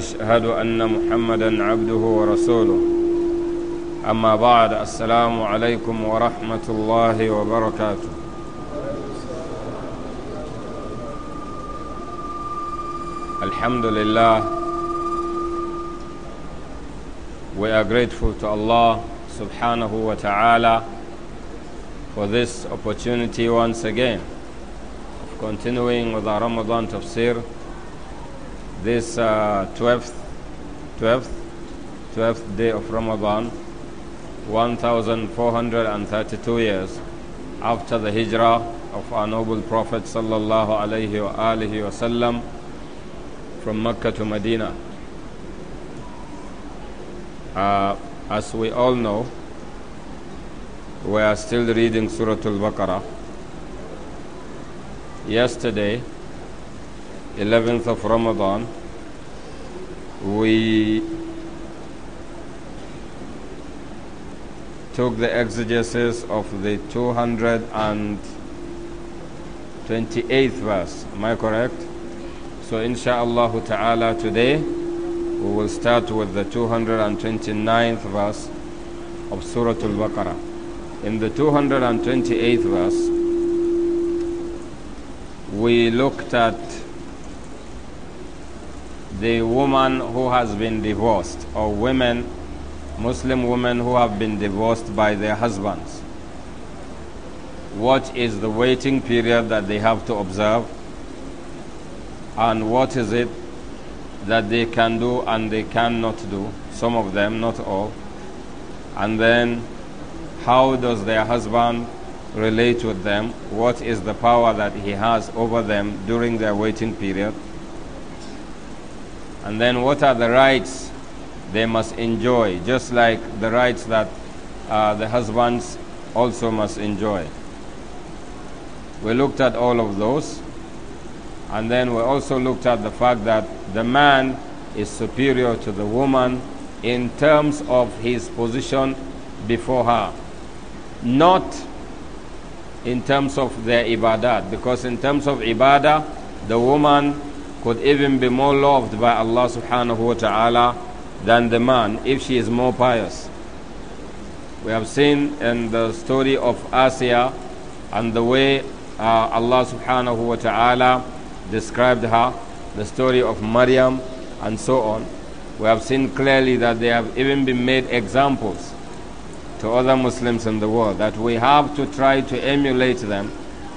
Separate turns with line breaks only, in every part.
أشهد ان محمدا عبده ورسوله اما بعد السلام عليكم ورحمه الله وبركاته الحمد لله We are grateful to Allah subhanahu wa ta'ala for this opportunity once again of continuing with our Ramadan tafsir this uh, 12th, 12th, 12th day of Ramadan, 1432 years after the hijrah of our noble Prophet sallallahu alaihi wasallam from Mecca to Medina. Uh, as we all know, we are still reading Surah Al-Baqarah. Yesterday, 11th of Ramadan, we took the exegesis of the 228th verse. Am I correct? So, inshallah ta'ala, today we will start with the 229th verse of Surah Al Baqarah. In the 228th verse, we looked at the woman who has been divorced or women, Muslim women who have been divorced by their husbands. What is the waiting period that they have to observe? And what is it that they can do and they cannot do? Some of them, not all. And then, how does their husband relate with them? What is the power that he has over them during their waiting period? And then what are the rights they must enjoy, just like the rights that uh, the husbands also must enjoy. We looked at all of those. And then we also looked at the fact that the man is superior to the woman in terms of his position before her. Not in terms of their ibadat, because in terms of ibadah, the woman could even be more loved by Allah subhanahu wa ta'ala than the man if she is more pious. We have seen in the story of Asiya and the way uh, Allah subhanahu wa ta'ala described her, the story of Maryam and so on. We have seen clearly that they have even been made examples to other Muslims in the world, that we have to try to emulate them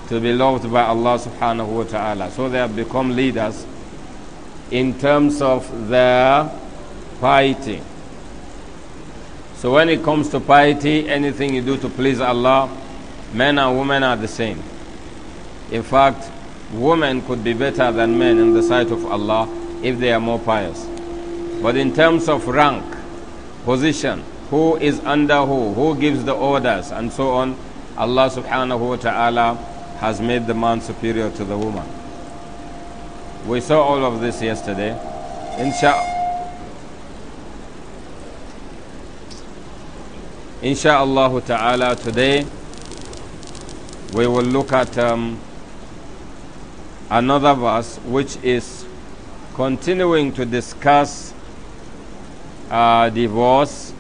to be loved by Allah subhanahu wa ta'ala. So they have become leaders in terms of their piety. So when it comes to piety, anything you do to please Allah, men and women are the same. In fact, women could be better than men in the sight of Allah if they are more pious. But in terms of rank, position, who is under who, who gives the orders, and so on, Allah subhanahu wa ta'ala has made the man superior to the woman. We saw all of this yesterday. Insha Insha'Allah ta'ala today we will look at um, another verse which is continuing to discuss uh, divorce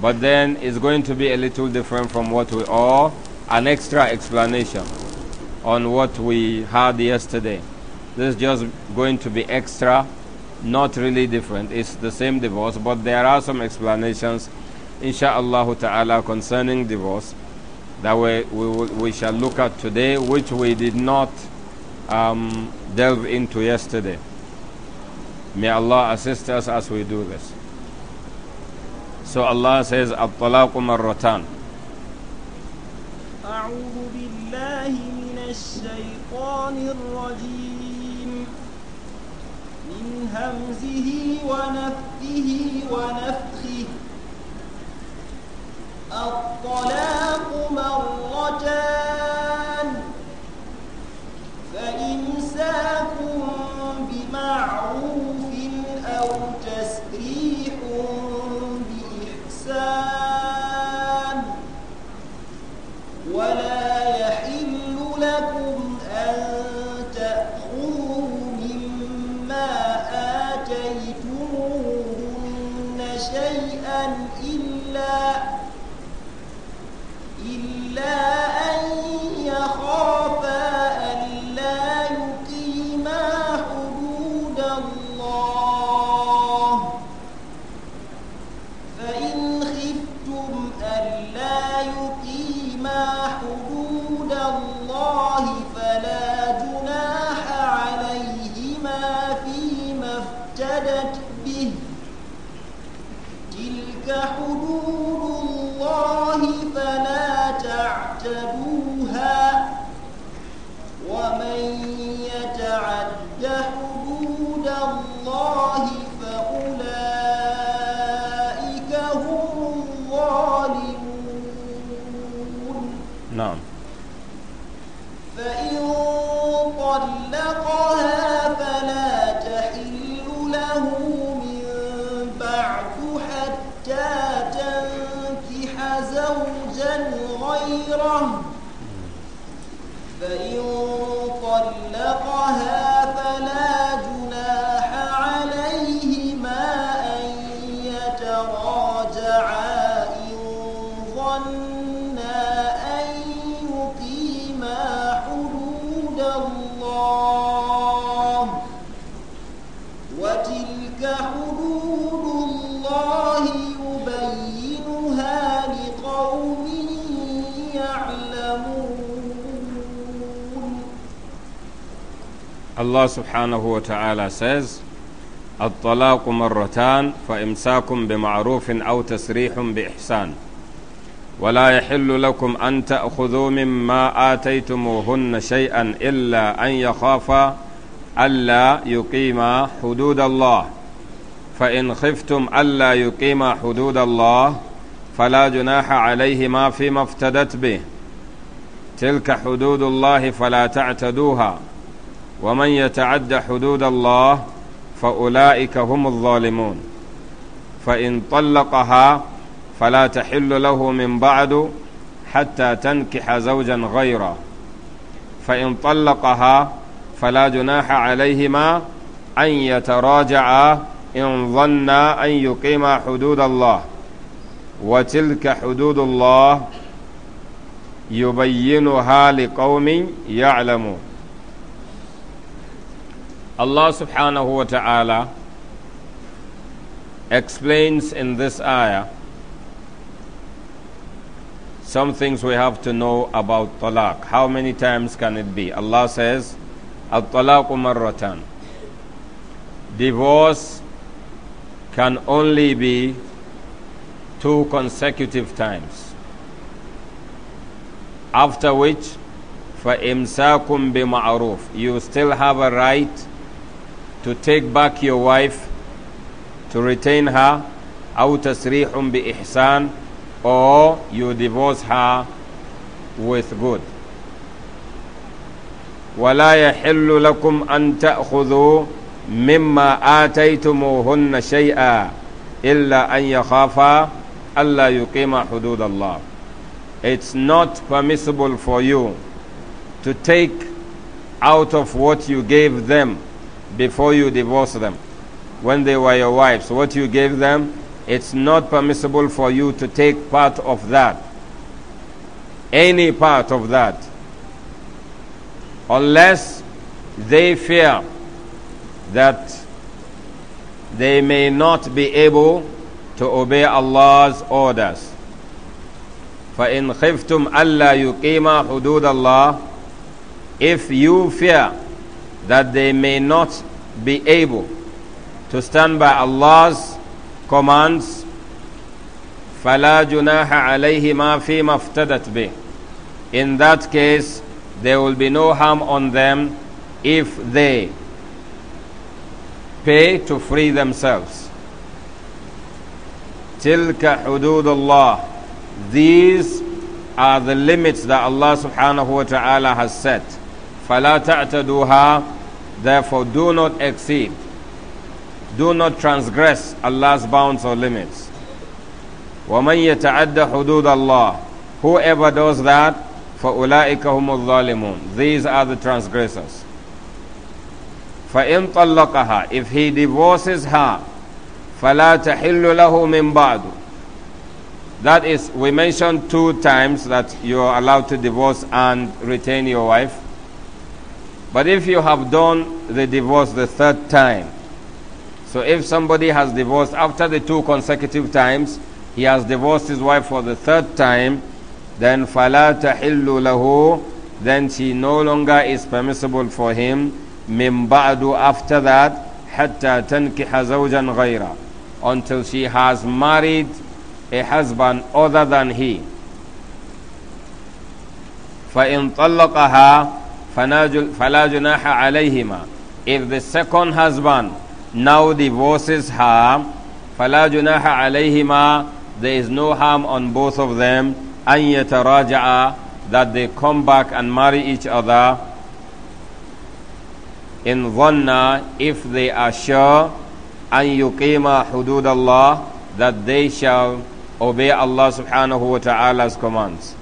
but then it's going to be a little different from what we are an extra explanation on what we had yesterday this is just going to be extra, not really different. It's the same divorce, but there are some explanations, insha'Allah ta'ala, concerning divorce that we, we, we shall look at today, which we did not um, delve into yesterday. May Allah assist us as we do this. So Allah says, الطلاق مرتان.
أعوذ بالله من الشيطان الرجيم من همزه ونفثه ونفخه الطلاق مرتان فإمساك بمعروف غيره فإن طلقها
الله سبحانه وتعالى says, الطلاق مرتان فإمساك بمعروف أو تسريح بإحسان ولا يحل لكم أن تأخذوا مما آتيتموهن شيئا إلا أن يخافا ألا يقيما حدود الله فإن خفتم ألا يقيما حدود الله فلا جناح عليهما فيما افتدت به تلك حدود الله فلا تعتدوها ومن يتعد حدود الله فأولئك هم الظالمون فإن طلقها فلا تحل له من بعد حتى تنكح زوجا غيره فإن طلقها فلا جناح عليهما أن يتراجعا إن ظنا أن يقيما حدود الله وتلك حدود الله يبينها لقوم يعلمون Allah subhanahu wa ta'ala explains in this ayah some things we have to know about talaq. How many times can it be? Allah says, Al-talaqu marratan. Divorce can only be two consecutive times. After which, فَإِمْسَاكُمْ بِمَعْرُوفٍ You still have a right to take back your wife, to retain her, أو bi-ihsan, or you divorce her with good. ولا يحل لكم أن تأخذوا مما آتيتموهن شيئا إلا أن يخافا ألا يقيم حدود الله. It's not permissible for you to take out of what you gave them before you divorce them, when they were your wives, what you gave them, it's not permissible for you to take part of that. Any part of that. Unless they fear that they may not be able to obey Allah's orders. فَإِنْ خِفْتُمْ أَلَّا يُقِيمَ حُدُودَ اللَّهِ If you fear that they may not be able to stand by Allah's commands فلا جناح عليهما فيما افتدت به in that case there will be no harm on them if they pay to free themselves تلك حدود الله these are the limits that Allah subhanahu wa ta'ala has set فَلَا تَعْتَدُوهَا Therefore, do not exceed. Do not transgress Allah's bounds or limits. وَمَنْ يَتَعَدَّ حُدُودَ اللَّهِ Whoever does that, فَأُولَٰئِكَ هُمُ الظَّالِمُونَ These are the transgressors. فَإِنْ طَلَّقَهَا If he divorces her, فَلَا تَحِلُّ لَهُ مِنْ بَعْدُ that is, we mentioned two times that you are allowed to divorce and retain your wife. But if you have done the divorce the third time, so if somebody has divorced after the two consecutive times, he has divorced his wife for the third time, then فَلَا تَحِلُّ لَهُ Then she no longer is permissible for him مِن بَعْدُ After that حَتَّى تَنْكِحَ زَوْجًا غَيْرًا Until she has married a husband other than he. فَإِنْ طَلَّقَهَا فَلَا جُنَاحَ عَلَيْهِمَا If the second husband now divorces her, فَلَا جُنَاحَ عَلَيْهِمَا There is no harm on both of them أَن يَتَرَاجَعَا That they come back and marry each other in ظَنَّا if they are sure an yuqima hudud that they shall obey Allah subhanahu wa ta'ala's commands.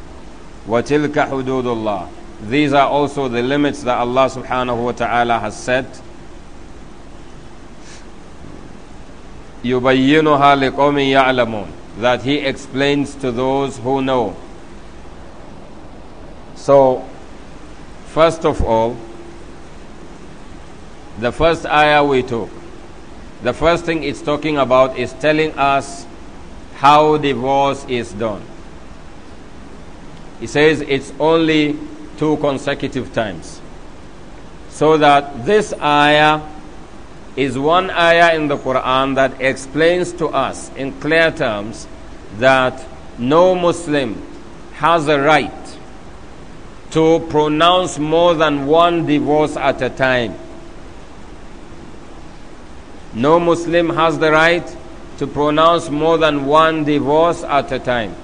وَتِلْكَ حُدُودُ اللَّهِ these are also the limits that Allah subhanahu wa ta'ala has set. يُبَيِّنُهَا لِقَوْمٍ يَعْلَمُونَ That He explains to those who know. So, first of all, the first ayah we took, the first thing it's talking about is telling us how divorce is done. He says it's only two consecutive times. So that this ayah is one ayah in the Quran that explains to us in clear terms that no Muslim has a right to pronounce more than one divorce at a time. No Muslim has the right to pronounce more than one divorce at a time.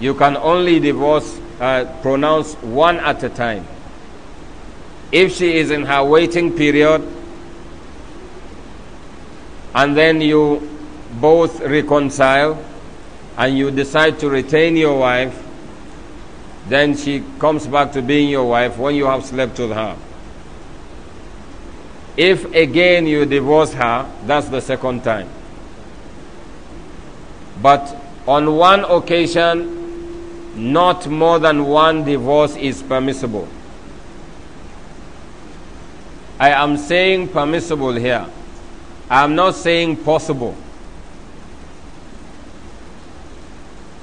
You can only divorce pronounced uh, pronounce one at a time. If she is in her waiting period, and then you both reconcile and you decide to retain your wife, then she comes back to being your wife when you have slept with her. If again you divorce her, that's the second time. But on one occasion, not more than one divorce is permissible. I am saying permissible here. I am not saying possible.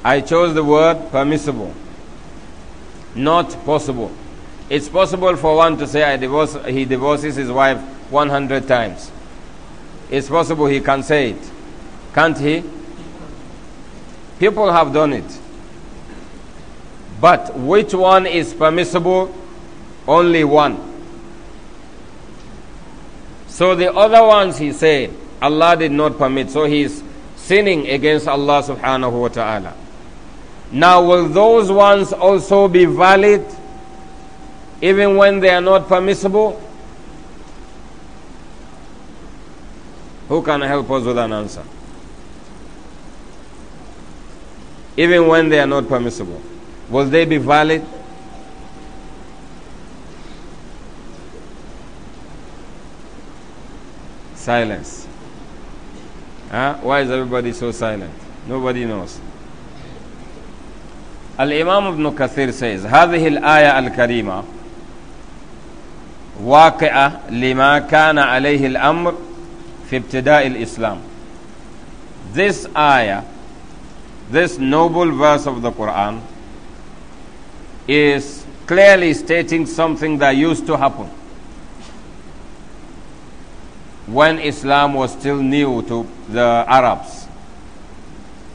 I chose the word permissible, not possible. It's possible for one to say, I divorce, he divorces his wife 100 times. It's possible he can say it. Can't he? People have done it. But which one is permissible? Only one. So the other ones he said Allah did not permit. So he is sinning against Allah subhanahu wa ta'ala. Now will those ones also be valid even when they are not permissible? Who can help us with an answer? Even when they are not permissible. Will they be valid? Silence. Huh? Why is everybody so silent? Nobody knows. الإمام ابن كثير says هذه الآية الكريمة واقعة لما كان عليه الأمر في ابتداء الإسلام This ayah, this noble verse of the Quran is clearly stating something that used to happen when Islam was still new to the Arabs.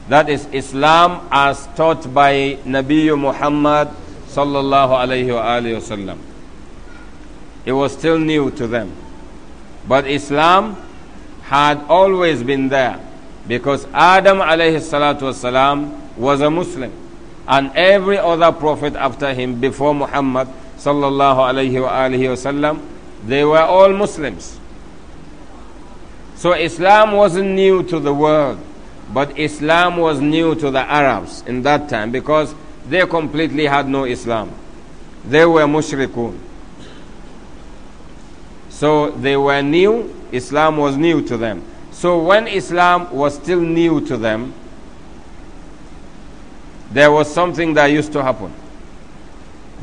That is Islam as taught by Nabi Muhammad sallallahu alayhi sallam. It was still new to them. But Islam had always been there because Adam alayhi salatu wasalam was a Muslim and every other prophet after him before Muhammad sallallahu alayhi wa alihi wasallam, they were all Muslims. So Islam wasn't new to the world, but Islam was new to the Arabs in that time because they completely had no Islam. They were mushrikun. So they were new, Islam was new to them. So when Islam was still new to them, there was something that used to happen.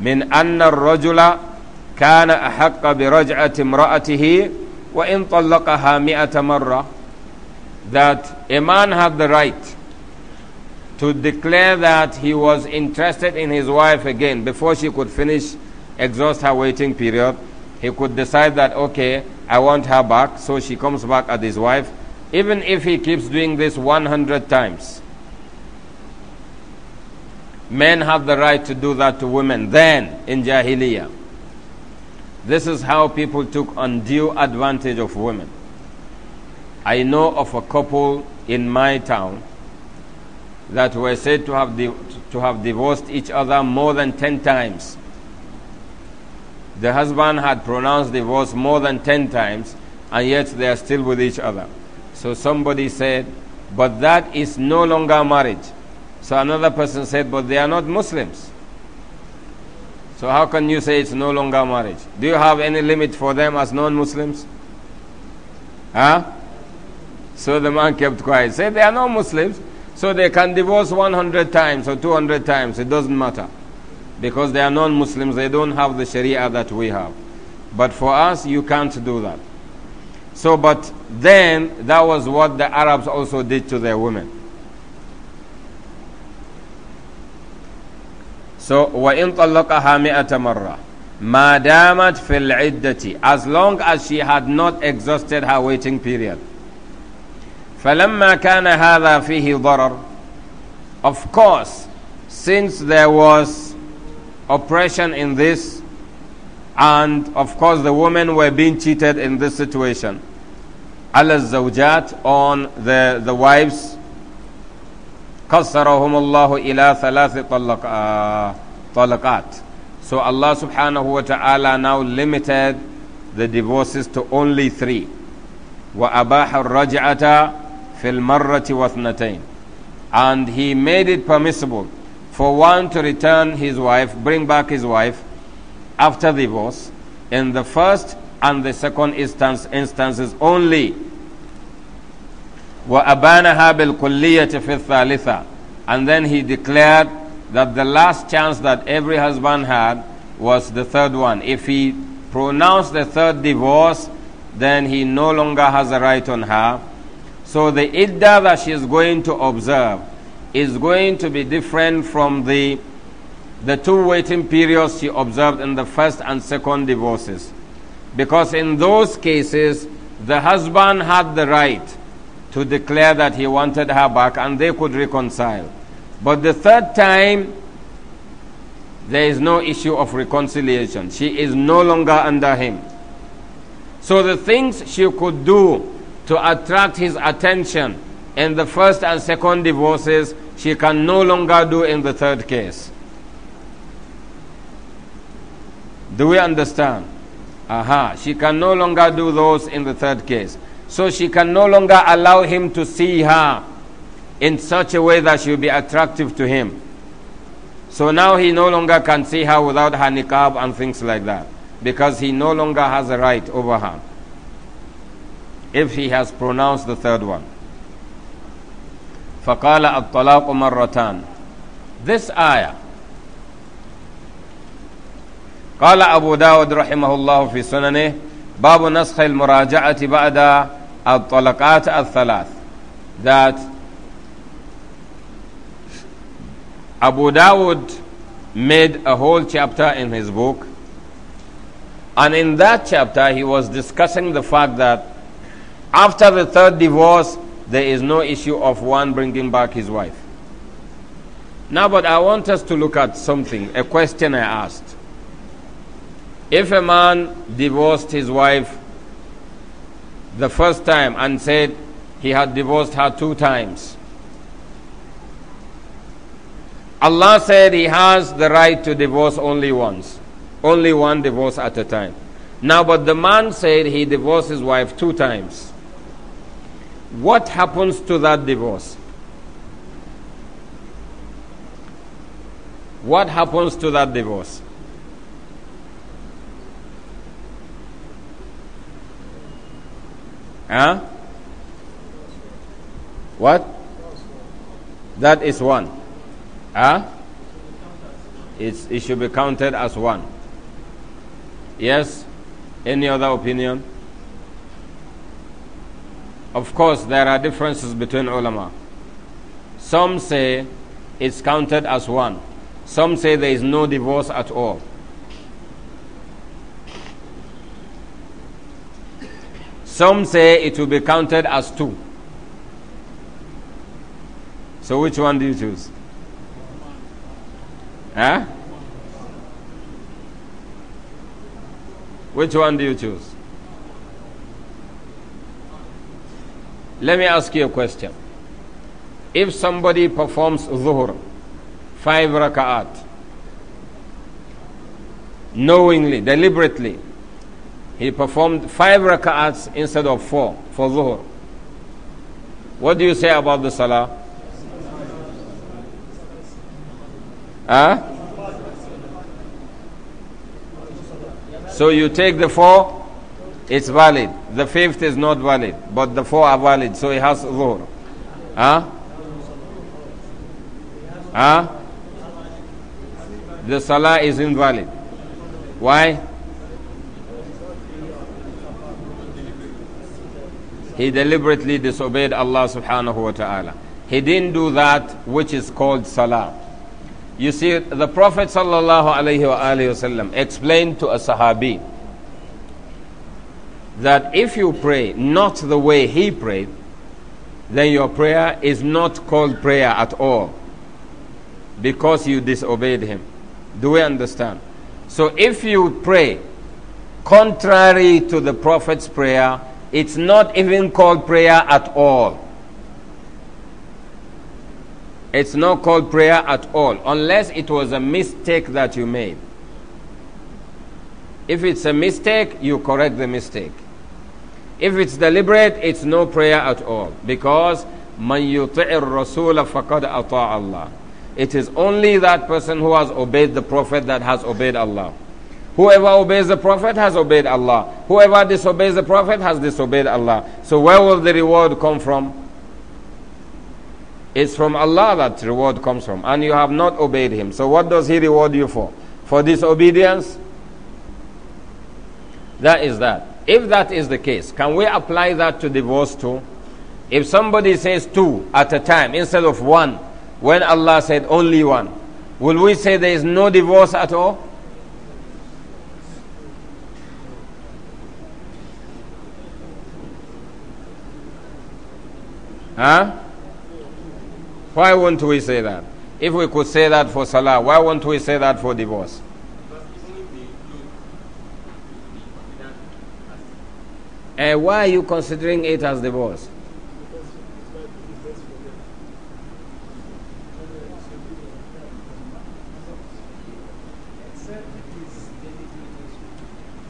من أن الرجل كان أحق برجعة امرأته وإن طلقها مئة مرة that a man had the right to declare that he was interested in his wife again before she could finish exhaust her waiting period he could decide that okay I want her back so she comes back as his wife even if he keeps doing this 100 times Men have the right to do that to women then in Jahiliyyah. This is how people took undue advantage of women. I know of a couple in my town that were said to have, to have divorced each other more than 10 times. The husband had pronounced divorce more than 10 times, and yet they are still with each other. So somebody said, But that is no longer marriage. So another person said, But they are not Muslims. So how can you say it's no longer marriage? Do you have any limit for them as non Muslims? Huh? So the man kept quiet. Said, They are not Muslims. So they can divorce 100 times or 200 times. It doesn't matter. Because they are non Muslims, they don't have the Sharia that we have. But for us, you can't do that. So, but then that was what the Arabs also did to their women. So, وَإِن طَلَّقَهَا مِئَةَ مَرَّةٍ مَا دَامَتْ فِي الْعِدَّةِ As long as she had not exhausted her waiting period. فَلَمَّا كَانَ هَذَا فِيهِ ضَرَرٌ Of course, since there was oppression in this, and of course the women were being cheated in this situation, al-zawjat on the, the wives قصرهم الله إلى ثلاث So Allah subhanahu wa ta'ala now limited the divorces to only three. وأباح الرجعة في المرة واثنتين And he made it permissible for one to return his wife, bring back his wife after divorce in the first and the second instance, instances only. وَأَبَانَهَا بِالْكُلِّيَّةِ فِي الثَّالِثَةِ And then he declared that the last chance that every husband had was the third one. If he pronounced the third divorce, then he no longer has a right on her. So the idda that she is going to observe is going to be different from the, the two waiting periods she observed in the first and second divorces. Because in those cases, the husband had the right to declare that he wanted her back and they could reconcile. But the third time, there is no issue of reconciliation. She is no longer under him. So the things she could do to attract his attention in the first and second divorces, she can no longer do in the third case. Do we understand? Aha, she can no longer do those in the third case. So she can no longer allow him to see her in such a way that she will be attractive to him. So now he no longer can see her without her niqab and things like that because he no longer has a right over her if he has pronounced the third one. فقال الطلاق مرتان This ayah قال أبو داود رحمه الله في سننه باب نسخ المراجعة بعد al-talaqat al that Abu Dawud made a whole chapter in his book and in that chapter he was discussing the fact that after the third divorce there is no issue of one bringing back his wife now but I want us to look at something a question I asked if a man divorced his wife the first time and said he had divorced her two times. Allah said he has the right to divorce only once, only one divorce at a time. Now, but the man said he divorced his wife two times. What happens to that divorce? What happens to that divorce? Huh? What? That is one. Huh? It's, it should be counted as one. Yes? Any other opinion? Of course, there are differences between ulama. Some say it's counted as one. Some say there is no divorce at all. Some say it will be counted as two. So which one do you choose? Huh? Which one do you choose? Let me ask you a question. If somebody performs dhuhr, five raka'at, knowingly, deliberately, he performed five rak'ats instead of four for zuhur. What do you say about the salah? Huh? So you take the four, it's valid. The fifth is not valid, but the four are valid, so he has zuhur. Huh? Huh? The salah is invalid. Why? He deliberately disobeyed Allah subhanahu wa ta'ala. He didn't do that which is called salah. You see, the Prophet sallallahu alayhi wa alayhi explained to a sahabi that if you pray not the way he prayed, then your prayer is not called prayer at all because you disobeyed him. Do we understand? So if you pray contrary to the Prophet's prayer, it's not even called prayer at all. It's not called prayer at all, unless it was a mistake that you made. If it's a mistake, you correct the mistake. If it's deliberate, it's no prayer at all. Because man yuti'ir rasula فقد أطاع الله. It is only that person who has obeyed the Prophet that has obeyed Allah. Whoever obeys the Prophet has obeyed Allah. Whoever disobeys the Prophet has disobeyed Allah. So where will the reward come from? It's from Allah that reward comes from. And you have not obeyed Him. So what does He reward you for? For disobedience? That is that. If that is the case, can we apply that to divorce too? If somebody says two at a time instead of one, when Allah said only one, will we say there is no divorce at all? Huh? Why won't we say that? If we could say that for salah, why won't we say that for divorce? And uh, eh, why are you considering it as divorce?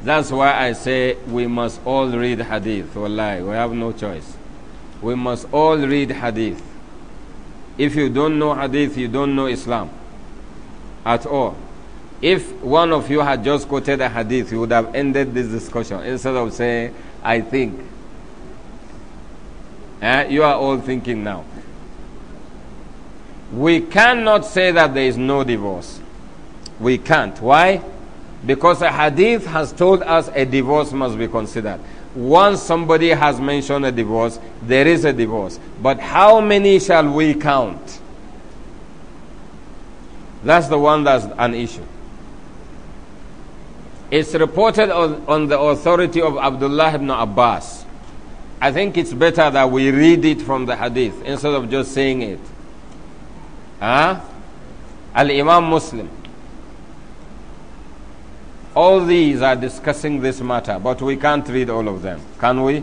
That's why I say we must all read hadith. Wallahi, we have no choice we must all read hadith. If you don't know hadith, you don't know Islam at all. If one of you had just quoted a hadith, you would have ended this discussion instead of saying, I think. Eh? You are all thinking now. We cannot say that there is no divorce. We can't. Why? Because a hadith has told us a divorce must be considered once somebody has mentioned a divorce, there is a divorce. But how many shall we count? That's the one that's an issue. It's reported on, on the authority of Abdullah ibn Abbas. I think it's better that we read it from the hadith instead of just saying it. Huh? Al Imam Muslim. All these are discussing this matter, but we can't read all of them, can we?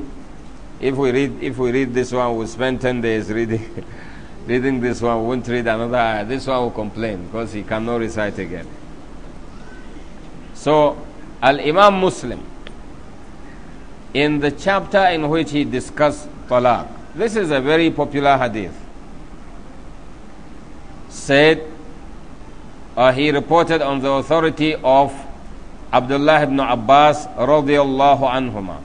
If we read, if we read this one, we spend 10 days reading, reading this one, we won't read another This one will complain because he cannot recite again. So, Al Imam Muslim, in the chapter in which he discussed talaq, this is a very popular hadith, said, uh, he reported on the authority of Abdullah ibn Abbas radiallahu anhuma,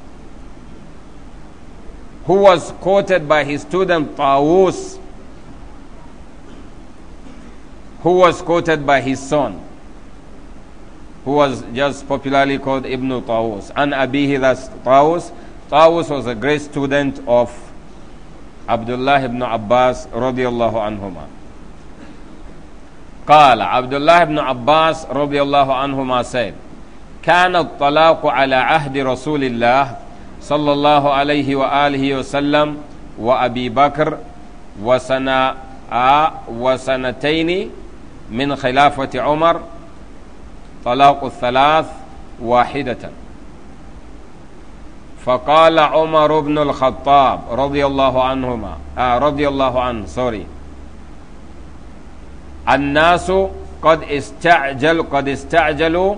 who was quoted by his student Tawus, who was quoted by his son, who was just popularly called Ibn Tawus. and Abihi Tawus. Tawus was a great student of Abdullah ibn Abbas radiallahu anhuma. قال عبد الله بن عباس رضي الله عنهما said كان الطلاق على عهد رسول الله صلى الله عليه وآله وسلم وأبي بكر وسنة وسنتين من خلافة عمر طلاق الثلاث واحدة فقال عمر بن الخطاب رضي الله عنهما آه رضي الله عنه سوري الناس قد استعجل قد استعجلوا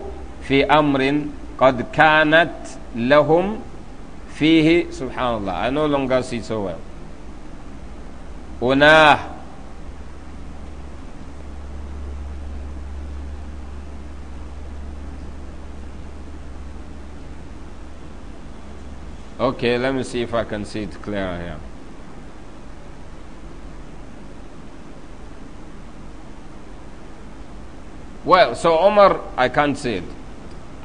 في أمر قد كانت لهم فيه سبحان الله I no longer see so well أناه Okay, let me see if I can see it clear here. Well, so Omar, I can't see it.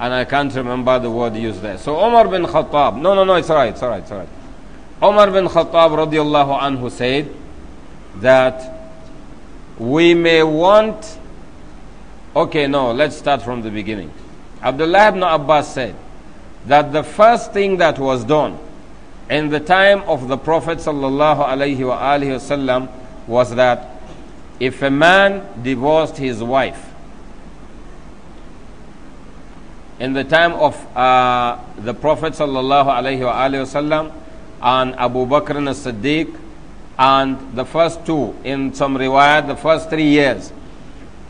and I can't remember the word used there. So Omar bin Khattab, no, no, no, it's alright, it's alright, it's alright. Omar bin Khattab radiallahu anhu said that we may want, okay, no, let's start from the beginning. Abdullah ibn Abbas said that the first thing that was done in the time of the Prophet sallallahu alaihi wasallam was that if a man divorced his wife, in the time of uh, the Prophet sallallahu alaihi wasallam and Abu Bakr as-Siddiq and the first two in some riwayat the first three years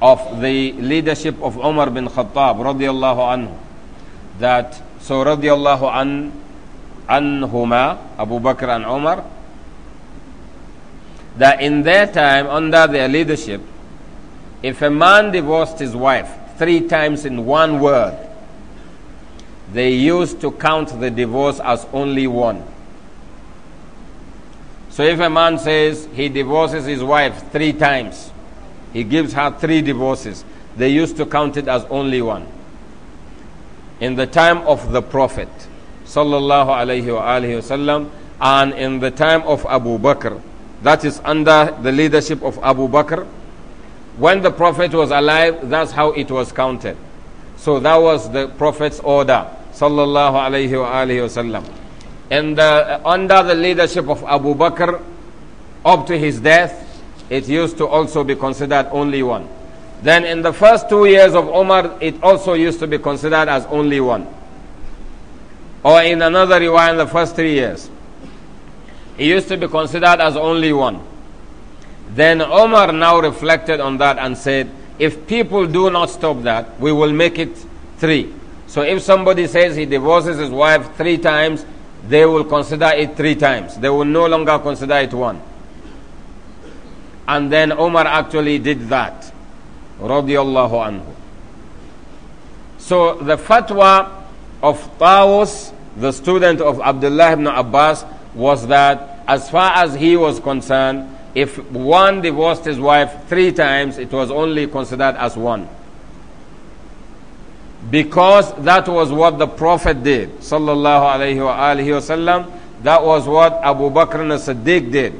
of the leadership of Umar bin Khattab radiallahu anhu that so radiallahu an anhuma Abu Bakr and Umar that in their time under their leadership if a man divorced his wife three times in one word they used to count the divorce as only one. So if a man says he divorces his wife three times, he gives her three divorces, they used to count it as only one. In the time of the Prophet, sallallahu alaihi wasallam, and in the time of Abu Bakr, that is under the leadership of Abu Bakr. When the Prophet was alive, that's how it was counted. So that was the Prophet's order sallallahu alayhi wa wasallam. And the, uh, under the leadership of Abu Bakr, up to his death, it used to also be considered only one. Then in the first two years of Omar, it also used to be considered as only one. Or in another rewind, in the first three years, it used to be considered as only one. Then Omar now reflected on that and said, if people do not stop that, we will make it three. So if somebody says he divorces his wife three times, they will consider it three times. They will no longer consider it one. And then Omar actually did that. Radiallahu anhu. So the fatwa of Tawus, the student of Abdullah ibn Abbas, was that as far as he was concerned, if one divorced his wife three times, it was only considered as one. Because that was what the Prophet did. Sallallahu alayhi wa wasallam. That was what Abu Bakr al Siddiq did.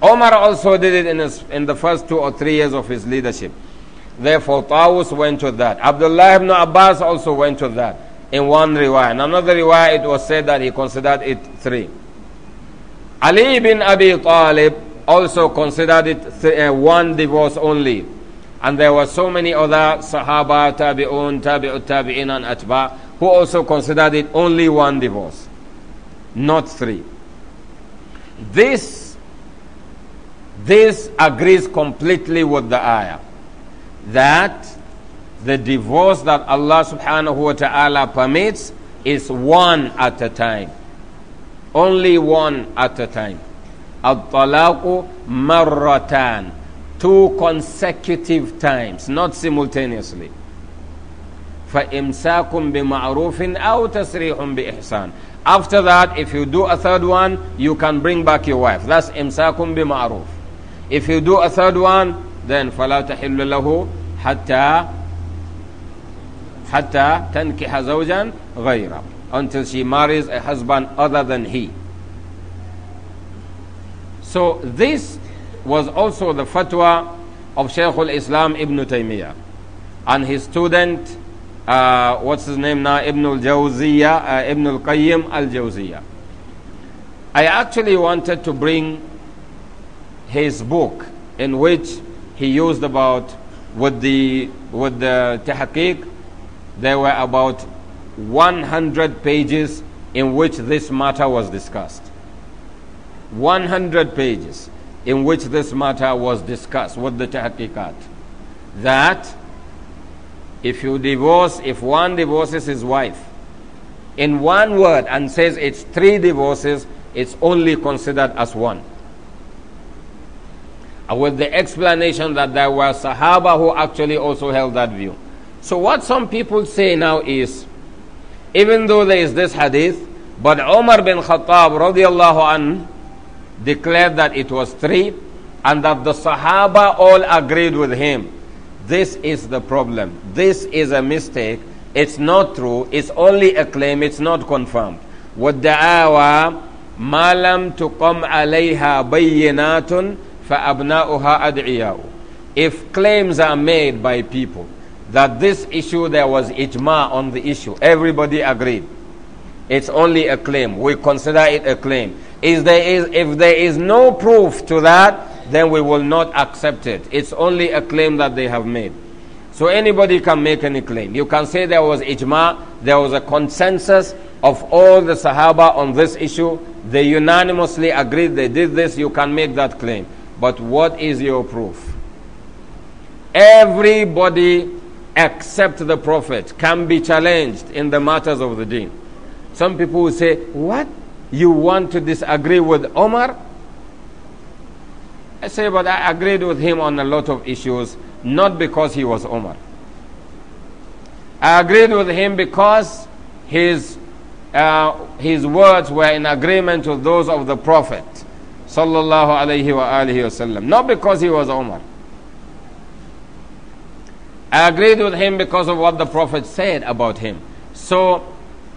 Omar also did it in, his, in the first two or three years of his leadership. Therefore, Tawus went to that. Abdullah ibn Abbas also went to that in one riwayah. In another riwayah, it was said that he considered it three. Ali ibn Abi Talib also considered it th uh, one divorce only. And there were so many other Sahaba, Tabi'un, Tabi'ut Tabi'in and Atba who also considered it only one divorce, not three. This, this agrees completely with the ayah that the divorce that Allah subhanahu wa ta'ala permits is one at a time. Only one at a time. Al-talaqu marratan two consecutive times, not simultaneously. فَإِمْسَاكٌ بِمَعْرُوفٍ أَوْ تَسْرِيحٌ بِإِحْسَانٍ After that, if you do a third one, you can bring back your wife. That's إِمْسَاكٌ بِمَعْرُوفٍ If you do a third one, then فَلَا تَحِلُّ لَهُ حَتَّى حَتَّى تَنْكِحَ زَوْجًا غَيْرًا Until she marries a husband other than he. So this was also the fatwa of Shaykh al-Islam Ibn Taymiyyah. And his student, uh, what's his name now? Ibn al-Jawziyah, uh, Ibn al-Qayyim al-Jawziyah. I actually wanted to bring his book in which he used about with the with the tahqiq there were about 100 pages in which this matter was discussed 100 pages in which this matter was discussed with the tahqiqat that if you divorce, if one divorces his wife in one word and says it's three divorces, it's only considered as one. And uh, with the explanation that there were Sahaba who actually also held that view. So, what some people say now is even though there is this hadith, but Omar bin Khattab radiallahu anhu declared that it was three and that the Sahaba all agreed with him. This is the problem. This is a mistake. It's not true. It's only a claim. It's not confirmed. والدعاوى ما لم تقم عليها بينات فأبناؤها أدعياء If claims are made by people that this issue there was ijma on the issue, everybody agreed. It's only a claim. We consider it a claim. Is there is, if there is no proof to that, then we will not accept it. It's only a claim that they have made. So anybody can make any claim. You can say there was ijma, there was a consensus of all the Sahaba on this issue. They unanimously agreed they did this. You can make that claim. But what is your proof? Everybody except the Prophet can be challenged in the matters of the deen. Some people will say, What? You want to disagree with Omar? I say, but I agreed with him on a lot of issues, not because he was Omar. I agreed with him because his, uh, his words were in agreement with those of the Prophet. Sallallahu alayhi wa wasallam. Not because he was Omar. I agreed with him because of what the Prophet said about him. So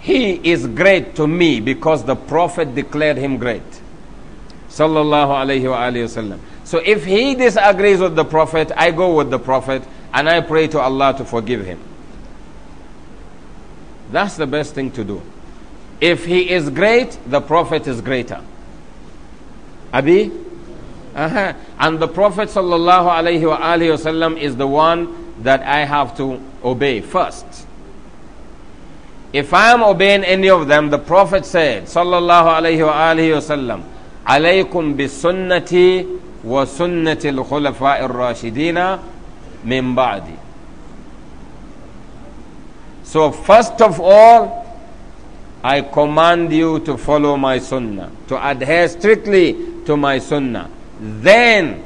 he is great to me because the Prophet declared him great. Sallallahu alayhi wa So if he disagrees with the Prophet, I go with the Prophet and I pray to Allah to forgive him. That's the best thing to do. If he is great, the Prophet is greater. Abi? Uh -huh. And the Prophet sallallahu alayhi wa is the one that I have to obey first. If I am obeying any of them, the Prophet said, Sallallahu alaihi wa wasallam, Alaykum bi sunnati wa sunnati al-khulafa ar-rashidina min ba'di. So first of all, I command you to follow my sunnah, to adhere strictly to my sunnah, then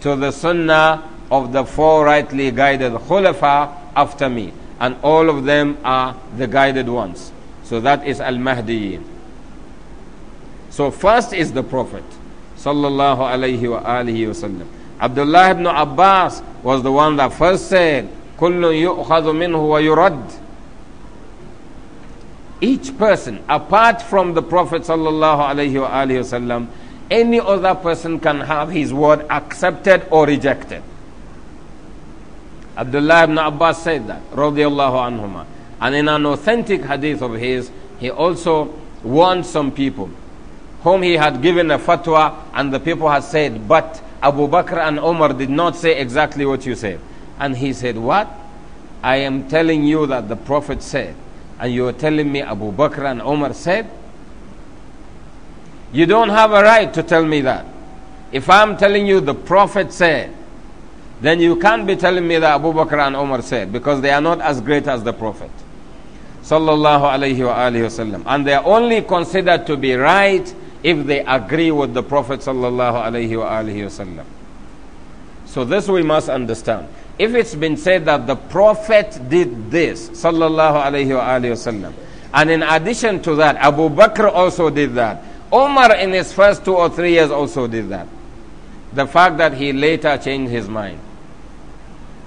to the sunnah of the four rightly guided khulafa after me and all of them are the guided ones. So that is Al Mahdiyin. So first is the Prophet. Sallallahu alayhi wa wasallam. Abdullah ibn Abbas was the one that first said, Kullu yu'khadhu minhu wa yurad. Each person, apart from the Prophet sallallahu alayhi wa wasallam, any other person can have his word accepted or rejected. Abdullah ibn Abbas said that, radiallahu anhuma. And in an authentic hadith of his, he also warned some people whom he had given a fatwa, and the people had said, But Abu Bakr and Omar did not say exactly what you said. And he said, What? I am telling you that the Prophet said, and you are telling me Abu Bakr and Omar said? You don't have a right to tell me that. If I'm telling you the Prophet said, then you can't be telling me that Abu Bakr and Omar said because they are not as great as the Prophet. Sallallahu alayhi wa alayhi And they are only considered to be right if they agree with the Prophet sallallahu alayhi wa alayhi wa So this we must understand. If it's been said that the Prophet did this, sallallahu alayhi wa alayhi wa and in addition to that, Abu Bakr also did that. Omar in his first two or three years also did that. The fact that he later changed his mind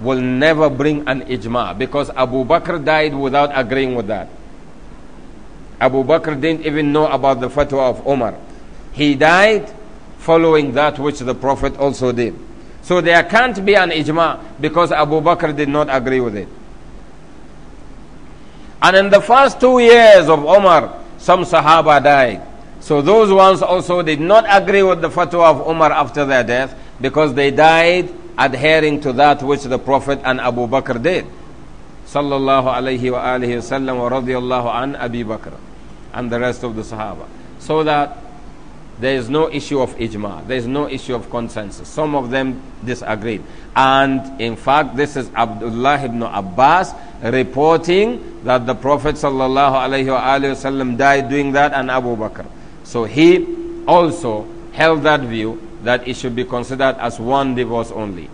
will never bring an ijma because Abu Bakr died without agreeing with that. Abu Bakr didn't even know about the fatwa of Omar. He died following that which the Prophet also did. So there can't be an ijma because Abu Bakr did not agree with it. And in the first two years of Omar, some Sahaba died. So those ones also did not agree with the fatwa of Omar after their death because they died adhering to that which the Prophet and Abu Bakr did. Sallallahu alayhi wa wasallam wa radiyallahu an Abi Bakr and the rest of the Sahaba. So that there is no issue of ijma, there is no issue of consensus. Some of them disagreed. And in fact, this is Abdullah ibn Abbas reporting that the Prophet ﷺ died doing that and Abu Bakr. So he also held that view that it should be considered as one divorce only.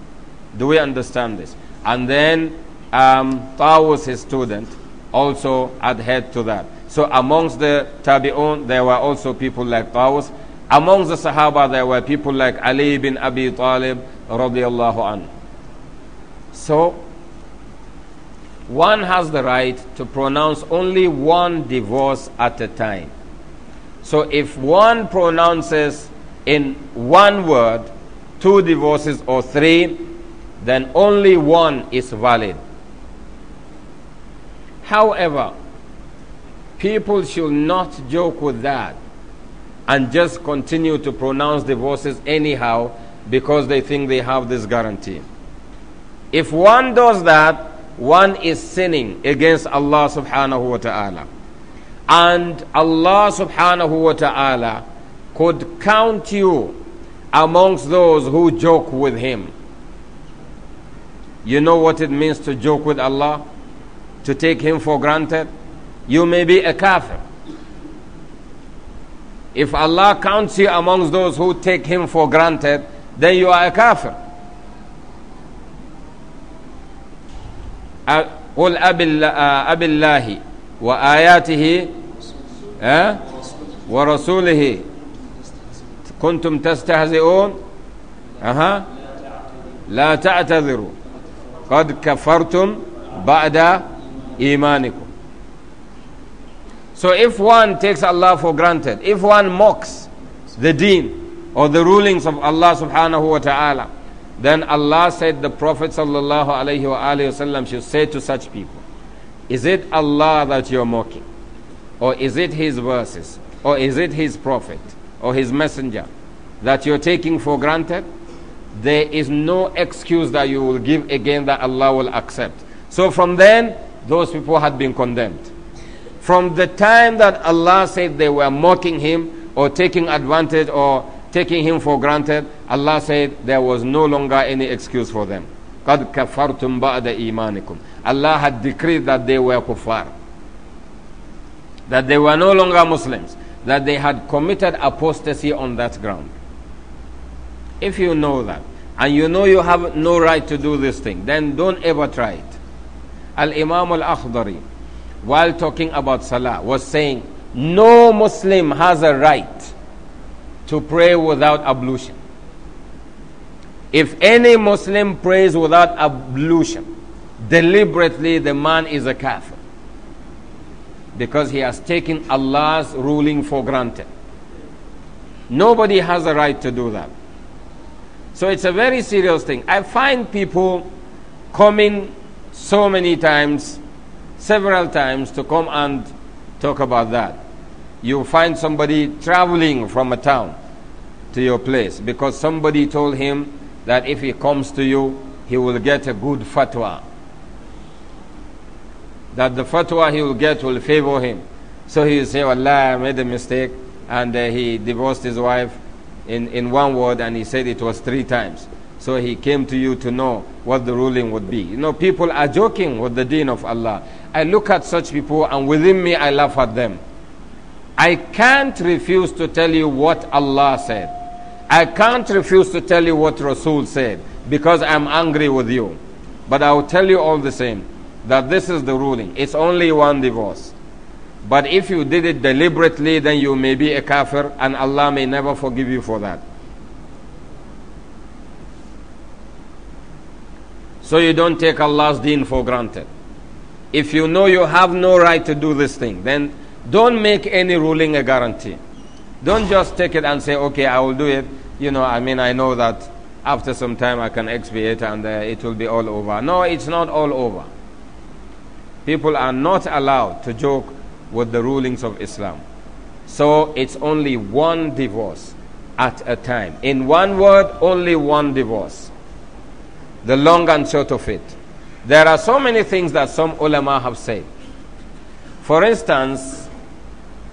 Do we understand this? And then um, Tawus, his student, also adhered to that. So amongst the Tabi'un, there were also people like Tawus. Amongst the Sahaba, there were people like Ali ibn Abi Talib radiallahu an. So, one has the right to pronounce only one divorce at a time. So if one pronounces in one word, two divorces or three, then only one is valid. However, people should not joke with that and just continue to pronounce divorces anyhow because they think they have this guarantee. If one does that, one is sinning against Allah subhanahu wa ta'ala. And Allah subhanahu wa ta'ala could count you amongst those who joke with him. You know what it means to joke with Allah? To take Him for granted? You may be a kafir. If Allah counts you amongst those who take Him for granted, then you are a kafir. Uh, قل uh, أب الله وآياته ورسوله كنتم تستهزئون أها لا تعتذروا قد كفرتم بعد إيمانكم So if one takes Allah for granted, if one mocks the deen or the rulings of Allah subhanahu wa ta'ala, then Allah said the Prophet sallallahu alayhi wa sallam should say to such people, is it Allah that you're mocking? Or is it his verses? Or is it his prophet? or his messenger that you're taking for granted, there is no excuse that you will give again that Allah will accept. So from then, those people had been condemned. From the time that Allah said they were mocking him or taking advantage or taking him for granted, Allah said there was no longer any excuse for them. قَدْ كَفَرْتُمْ بَعْدَ إِيمَانِكُمْ Allah had decreed that they were kuffar. That they were no longer Muslims that they had committed apostasy on that ground. If you know that, and you know you have no right to do this thing, then don't ever try it. Al Imam al Akhdari, while talking about Salah, was saying, No Muslim has a right to pray without ablution. If any Muslim prays without ablution, deliberately the man is a kafir because he has taken Allah's ruling for granted. Nobody has a right to do that. So it's a very serious thing. I find people coming so many times, several times, to come and talk about that. You find somebody traveling from a town to your place because somebody told him that if he comes to you, he will get a good fatwa that the fatwa he will get will favor him. So he will say, Allah, I made a mistake, and uh, he divorced his wife in, in one word, and he said it was three times. So he came to you to know what the ruling would be. You know, people are joking with the deen of Allah. I look at such people, and within me, I laugh at them. I can't refuse to tell you what Allah said. I can't refuse to tell you what Rasul said because I'm angry with you. But I will tell you all the same that this is the ruling. It's only one divorce. But if you did it deliberately, then you may be a kafir and Allah may never forgive you for that. So you don't take Allah's deen for granted. If you know you have no right to do this thing, then don't make any ruling a guarantee. Don't just take it and say, okay, I will do it. You know, I mean, I know that after some time I can expiate and uh, it will be all over. No, it's not all over. People are not allowed to joke with the rulings of Islam. So it's only one divorce at a time. In one word, only one divorce. The long and short of it. There are so many things that some ulama have said. For instance,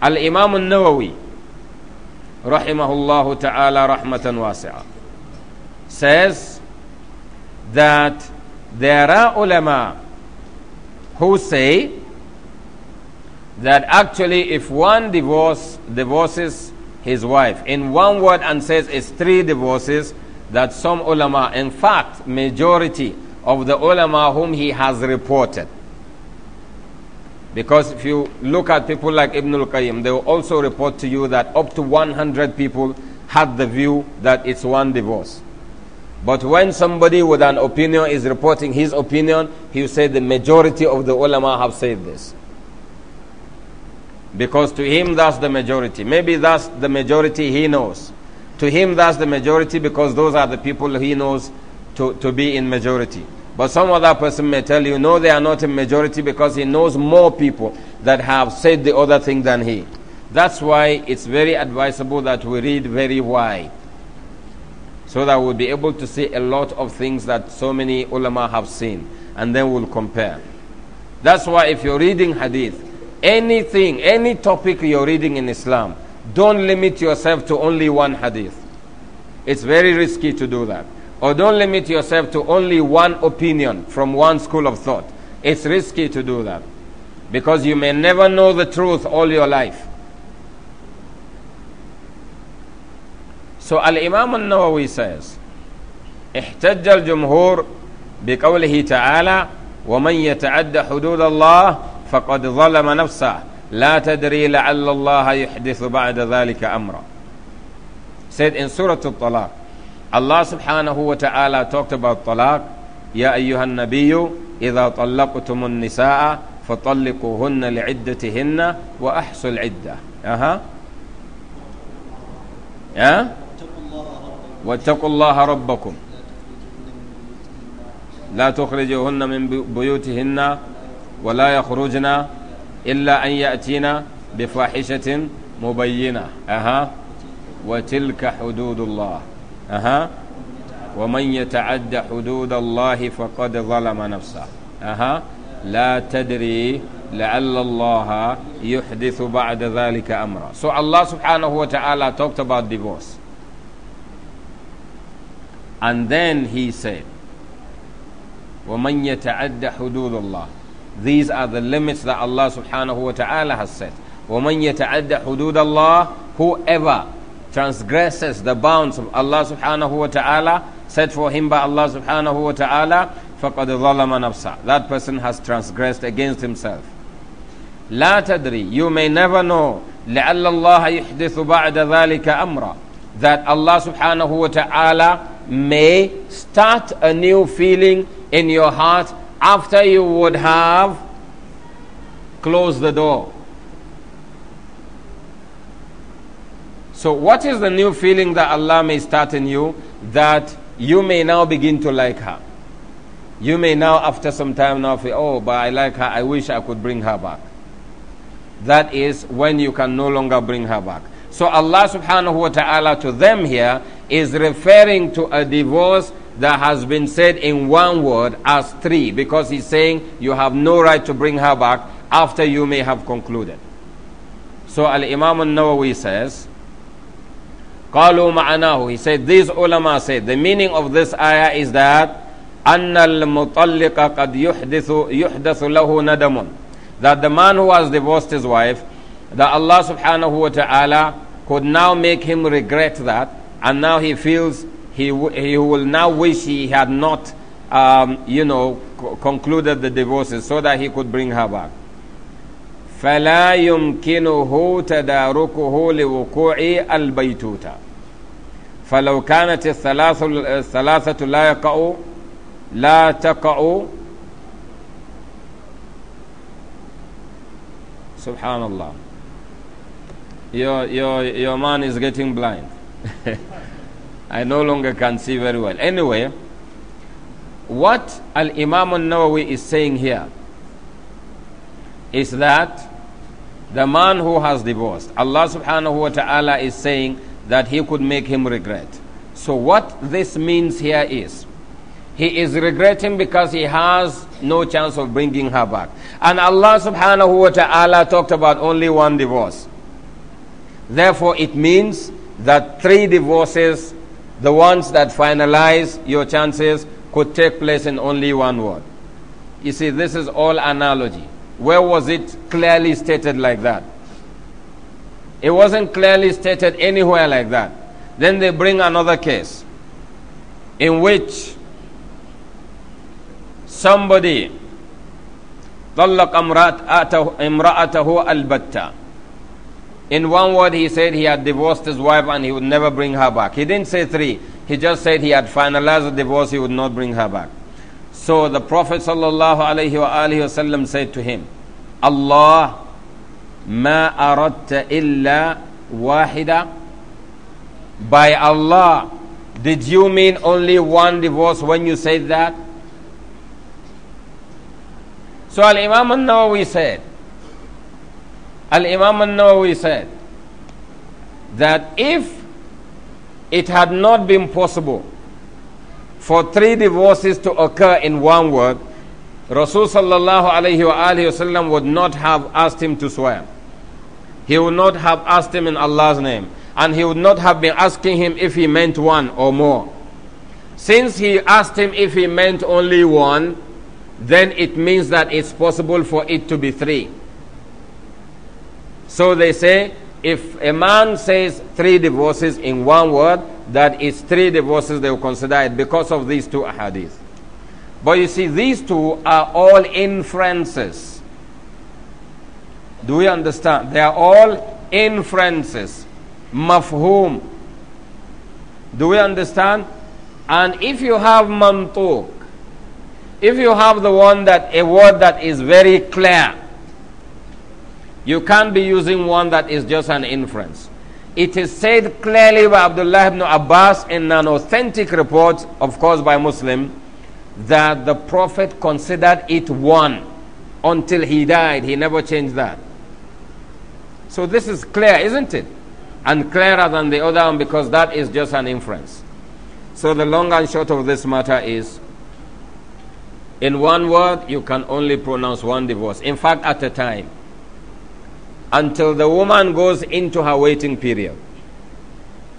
Al Imam al Nawawi, rahimahullah ta'ala rahmatan wasi'ah, says that there are ulama who say that actually if one divorce divorces his wife in one word and says it's three divorces that some ulama in fact majority of the ulama whom he has reported because if you look at people like Ibn al-Qayyim they will also report to you that up to 100 people had the view that it's one divorce but when somebody with an opinion is reporting his opinion, he will say the majority of the ulama have said this. Because to him that's the majority. Maybe that's the majority he knows. To him that's the majority because those are the people he knows to, to be in majority. But some other person may tell you, no, they are not in majority because he knows more people that have said the other thing than he. That's why it's very advisable that we read very wide so that we'll be able to see a lot of things that so many ulama have seen. And then we'll compare. That's why if you're reading hadith, anything, any topic you're reading in Islam, don't limit yourself to only one hadith. It's very risky to do that. Or don't limit yourself to only one opinion from one school of thought. It's risky to do that. Because you may never know the truth all your life. So Al-Imam al-Nawawi says, احتج الجمهور بقوله تعالى ومن يتعد حدود الله فقد ظلم نفسه لا تدري لعل الله يحدث بعد ذلك أمرا said in Surah الطلاق الله Allah subhanahu wa ta'ala talked about talaq يا أيها النبي إذا طلقتم النساء فطلقوهن لعدتهن وأحصوا العدة أها أه؟ واتقوا الله ربكم لا تخرجوهن من بيوتهن ولا يخرجن إلا أن يأتينا بفاحشة مبينة أها وتلك حدود الله أها ومن يتعد حدود الله فقد ظلم نفسه أها لا تدري لعل الله يحدث بعد ذلك أمرا سو الله سبحانه وتعالى talked about divorce And then he said, وَمَنْ يَتَعَدَّ حُدُودُ اللَّهِ These are the limits that Allah subhanahu wa ta'ala has set. وَمَنْ يَتَعَدَّ حُدُودَ اللَّهِ Whoever transgresses the bounds of Allah subhanahu wa ta'ala set for him by Allah subhanahu wa ta'ala فَقَدْ ظَلَمَ That person has transgressed against himself. لا تدري You may never know لعل الله يحدث بعد ذلك أمرا That Allah subhanahu wa ta'ala may start a new feeling in your heart after you would have closed the door. So, what is the new feeling that Allah may start in you that you may now begin to like her? You may now, after some time, now feel, oh, but I like her, I wish I could bring her back. That is when you can no longer bring her back. So Allah subhanahu wa ta'ala to them here is referring to a divorce that has been said in one word as three because he's saying you have no right to bring her back after you may have concluded. So Al Imam al Nawawi says, قالوا anahu." he said these ulama said the meaning of this ayah is that أن المطلق قد يحدث يحدث له ندم that the man who has divorced his wife that Allah subhanahu wa ta'ala could now make him regret that and now he feels he, he will now wish he had not, um, you know, concluded the divorces so that he could bring her back. فلا يمكنه تداركه لوقوع البيتوتة فلو كانت الثلاثة, الثلاثة لا يقع لا تقع سبحان الله your, your, your man is getting blind. I no longer can see very well. Anyway, what Al Imam al Nawawi is saying here is that the man who has divorced, Allah subhanahu wa ta'ala is saying that He could make him regret. So, what this means here is he is regretting because he has no chance of bringing her back. And Allah subhanahu wa ta'ala talked about only one divorce. Therefore, it means that three divorces, the ones that finalize your chances, could take place in only one word. You see, this is all analogy. Where was it clearly stated like that? It wasn't clearly stated anywhere like that. Then they bring another case in which somebody طلق امرأته البتة in one word, he said he had divorced his wife and he would never bring her back. He didn't say three. He just said he had finalized the divorce, he would not bring her back. So the Prophet ﷺ said to him, Allah, ma aratta illa wahida. By Allah, did you mean only one divorce when you said that? So Al Imam al Nawawi said, Al Imam An Nawawi said that if it had not been possible for three divorces to occur in one word, Rasul sallallahu alayhi wa would not have asked him to swear. He would not have asked him in Allah's name. And he would not have been asking him if he meant one or more. Since he asked him if he meant only one, then it means that it's possible for it to be three. So they say if a man says three divorces in one word, that is three divorces they will consider it because of these two ahadith. But you see, these two are all inferences. Do we understand? They are all inferences. Mafhum. Do we understand? And if you have mantuk, if you have the one that a word that is very clear, you can't be using one that is just an inference. It is said clearly by Abdullah ibn Abbas in an authentic report, of course by Muslim, that the Prophet considered it one until he died. He never changed that. So this is clear, isn't it? And clearer than the other one because that is just an inference. So the long and short of this matter is in one word, you can only pronounce one divorce. In fact, at a time until the woman goes into her waiting period.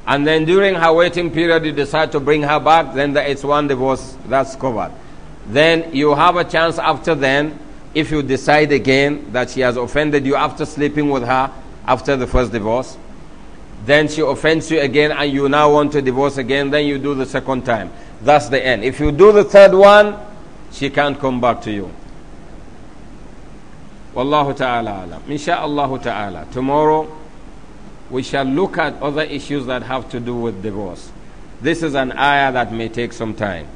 And then during her waiting period, you decide to bring her back, then the, it's one divorce that's covered. Then you have a chance after then, if you decide again that she has offended you after sleeping with her after the first divorce, then she offends you again and you now want to divorce again, then you do the second time. That's the end. If you do the third one, she can't come back to you. Wallahu ta'ala alam. Insha'Allah ta'ala. Tomorrow we shall look at other issues that have to do with divorce. This is an ayah that may take some time.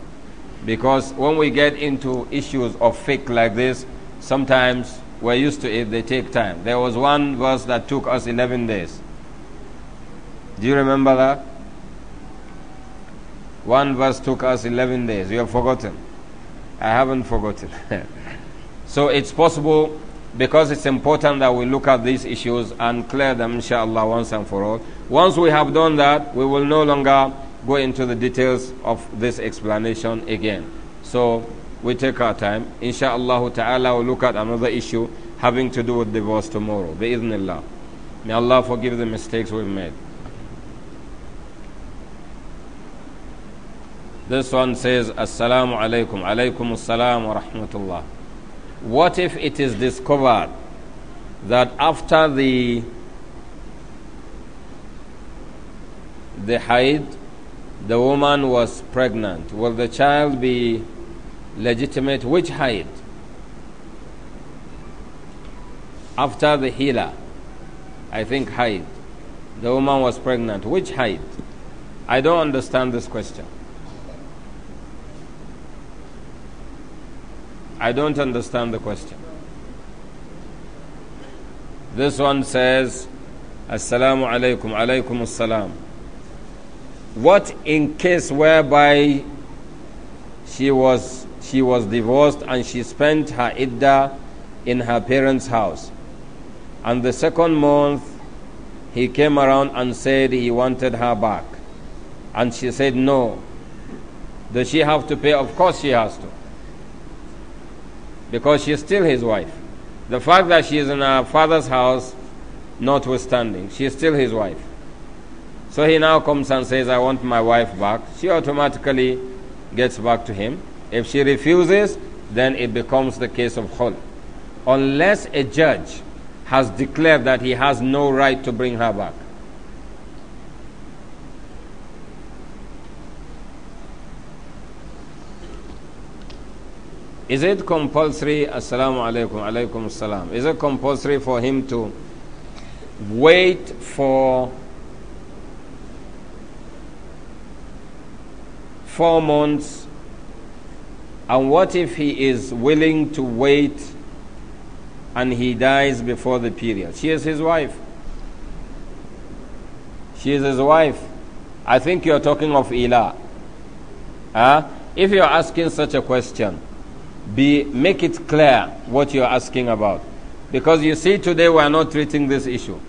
Because when we get into issues of fiqh like this, sometimes we're used to it, they take time. There was one verse that took us 11 days. Do you remember that? One verse took us 11 days. You have forgotten. I haven't forgotten. so it's possible because it's important that we look at these issues and clear them, inshallah, once and for all. Once we have done that, we will no longer go into the details of this explanation again. So we take our time. Inshallah ta'ala, we'll look at another issue having to do with divorce tomorrow. Bi'idhnillah. May Allah forgive the mistakes we've made. This one says, Assalamu alaikum. Alaikum assalam wa rahmatullah. What if it is discovered that after the the haid, the woman was pregnant? Will the child be legitimate? Which haid? After the healer, I think haid. The woman was pregnant. Which haid? I don't understand this question. I don't understand the question. This one says, Assalamu alaikum, alaikum assalam. What in case whereby she was she was divorced and she spent her idda in her parents' house. And the second month he came around and said he wanted her back. And she said no. Does she have to pay? Of course she has to because she is still his wife. The fact that she is in her father's house, notwithstanding, she is still his wife. So he now comes and says, I want my wife back. She automatically gets back to him. If she refuses, then it becomes the case of khul. Unless a judge has declared that he has no right to bring her back. Is it compulsory, assalamu alaikum, alaikum assalam, is it compulsory for him to wait for four months? And what if he is willing to wait and he dies before the period? She is his wife. She is his wife. I think you're talking of Ila. Huh? If you're asking such a question, be make it clear what you're asking about. Because you see, today we are not treating this issue.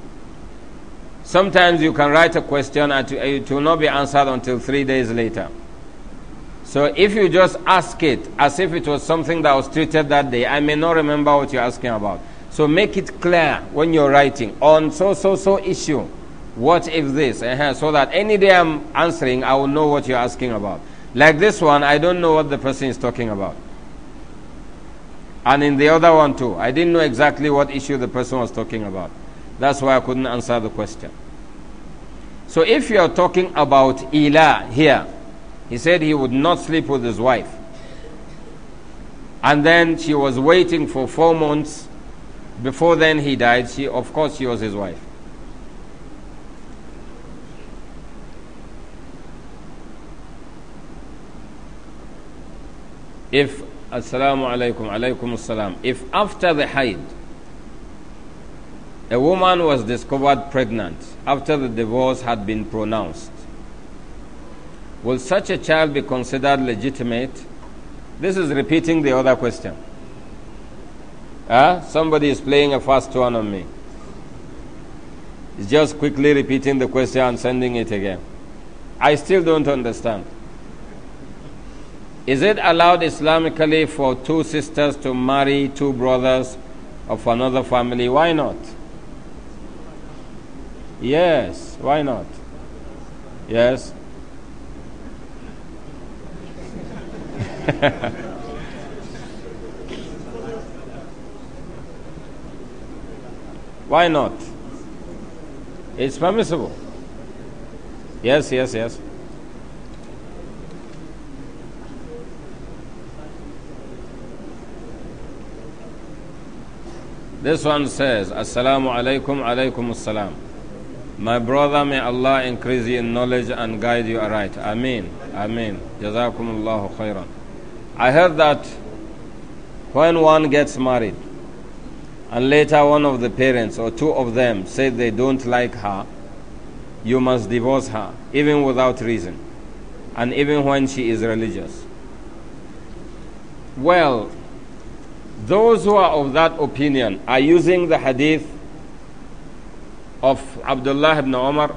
Sometimes you can write a question and it will not be answered until three days later. So if you just ask it as if it was something that was treated that day, I may not remember what you're asking about. So make it clear when you're writing on so so so issue. What if this? Uh -huh. So that any day I'm answering, I will know what you're asking about. Like this one, I don't know what the person is talking about. And in the other one too. I didn't know exactly what issue the person was talking about. That's why I couldn't answer the question. So if you are talking about Ila here, he said he would not sleep with his wife. And then she was waiting for four months. Before then he died. She, of course, she was his wife. if Assalamu alaikum, alaikum assalam. If after the Haid, a woman was discovered pregnant after the divorce had been pronounced, will such a child be considered legitimate? This is repeating the other question. Huh? Somebody is playing a fast one on me. He's just quickly repeating the question and sending it again. I still don't understand. Is it allowed Islamically for two sisters to marry two brothers of another family? Why not? Yes, why not? Yes. why not? It's permissible. Yes, yes, yes. This one says, Assalamu alaikum, alaikum assalam. My brother, may Allah increase you in knowledge and guide you aright. Ameen, ameen. Jazakumullahu khairan. I heard that when one gets married, and later one of the parents or two of them say they don't like her, you must divorce her, even without reason, and even when she is religious. Well, those who are of that opinion are using the hadith of Abdullah ibn Umar,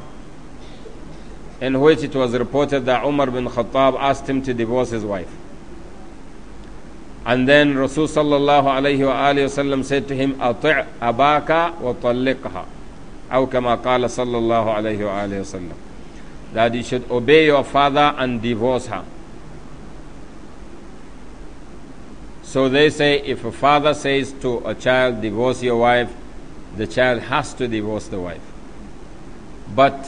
in which it was reported that Umar bin Khattab asked him to divorce his wife. And then Rasulullah sallallahu said to him, "Ati' أباك وطلقها," أو كما قال صلى الله عليه وآله وسلم, that you should obey your father and divorce her. So they say if a father says to a child, divorce your wife, the child has to divorce the wife. But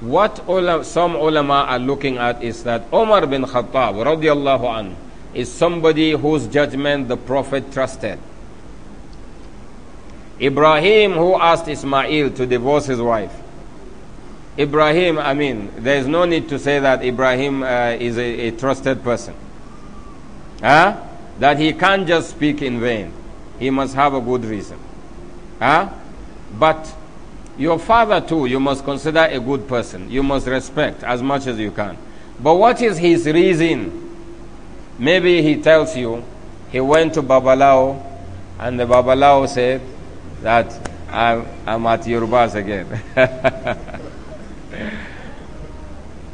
what some ulama are looking at is that Omar bin Khattab radiallahu anhu is somebody whose judgment the Prophet trusted. Ibrahim, who asked Ismail to divorce his wife. Ibrahim, I mean, there is no need to say that Ibrahim uh, is a, a trusted person. Huh? That he can't just speak in vain. He must have a good reason. Huh? But your father, too, you must consider a good person. You must respect as much as you can. But what is his reason? Maybe he tells you he went to Babalao and the Babalao said that I'm, I'm at Yorubas again.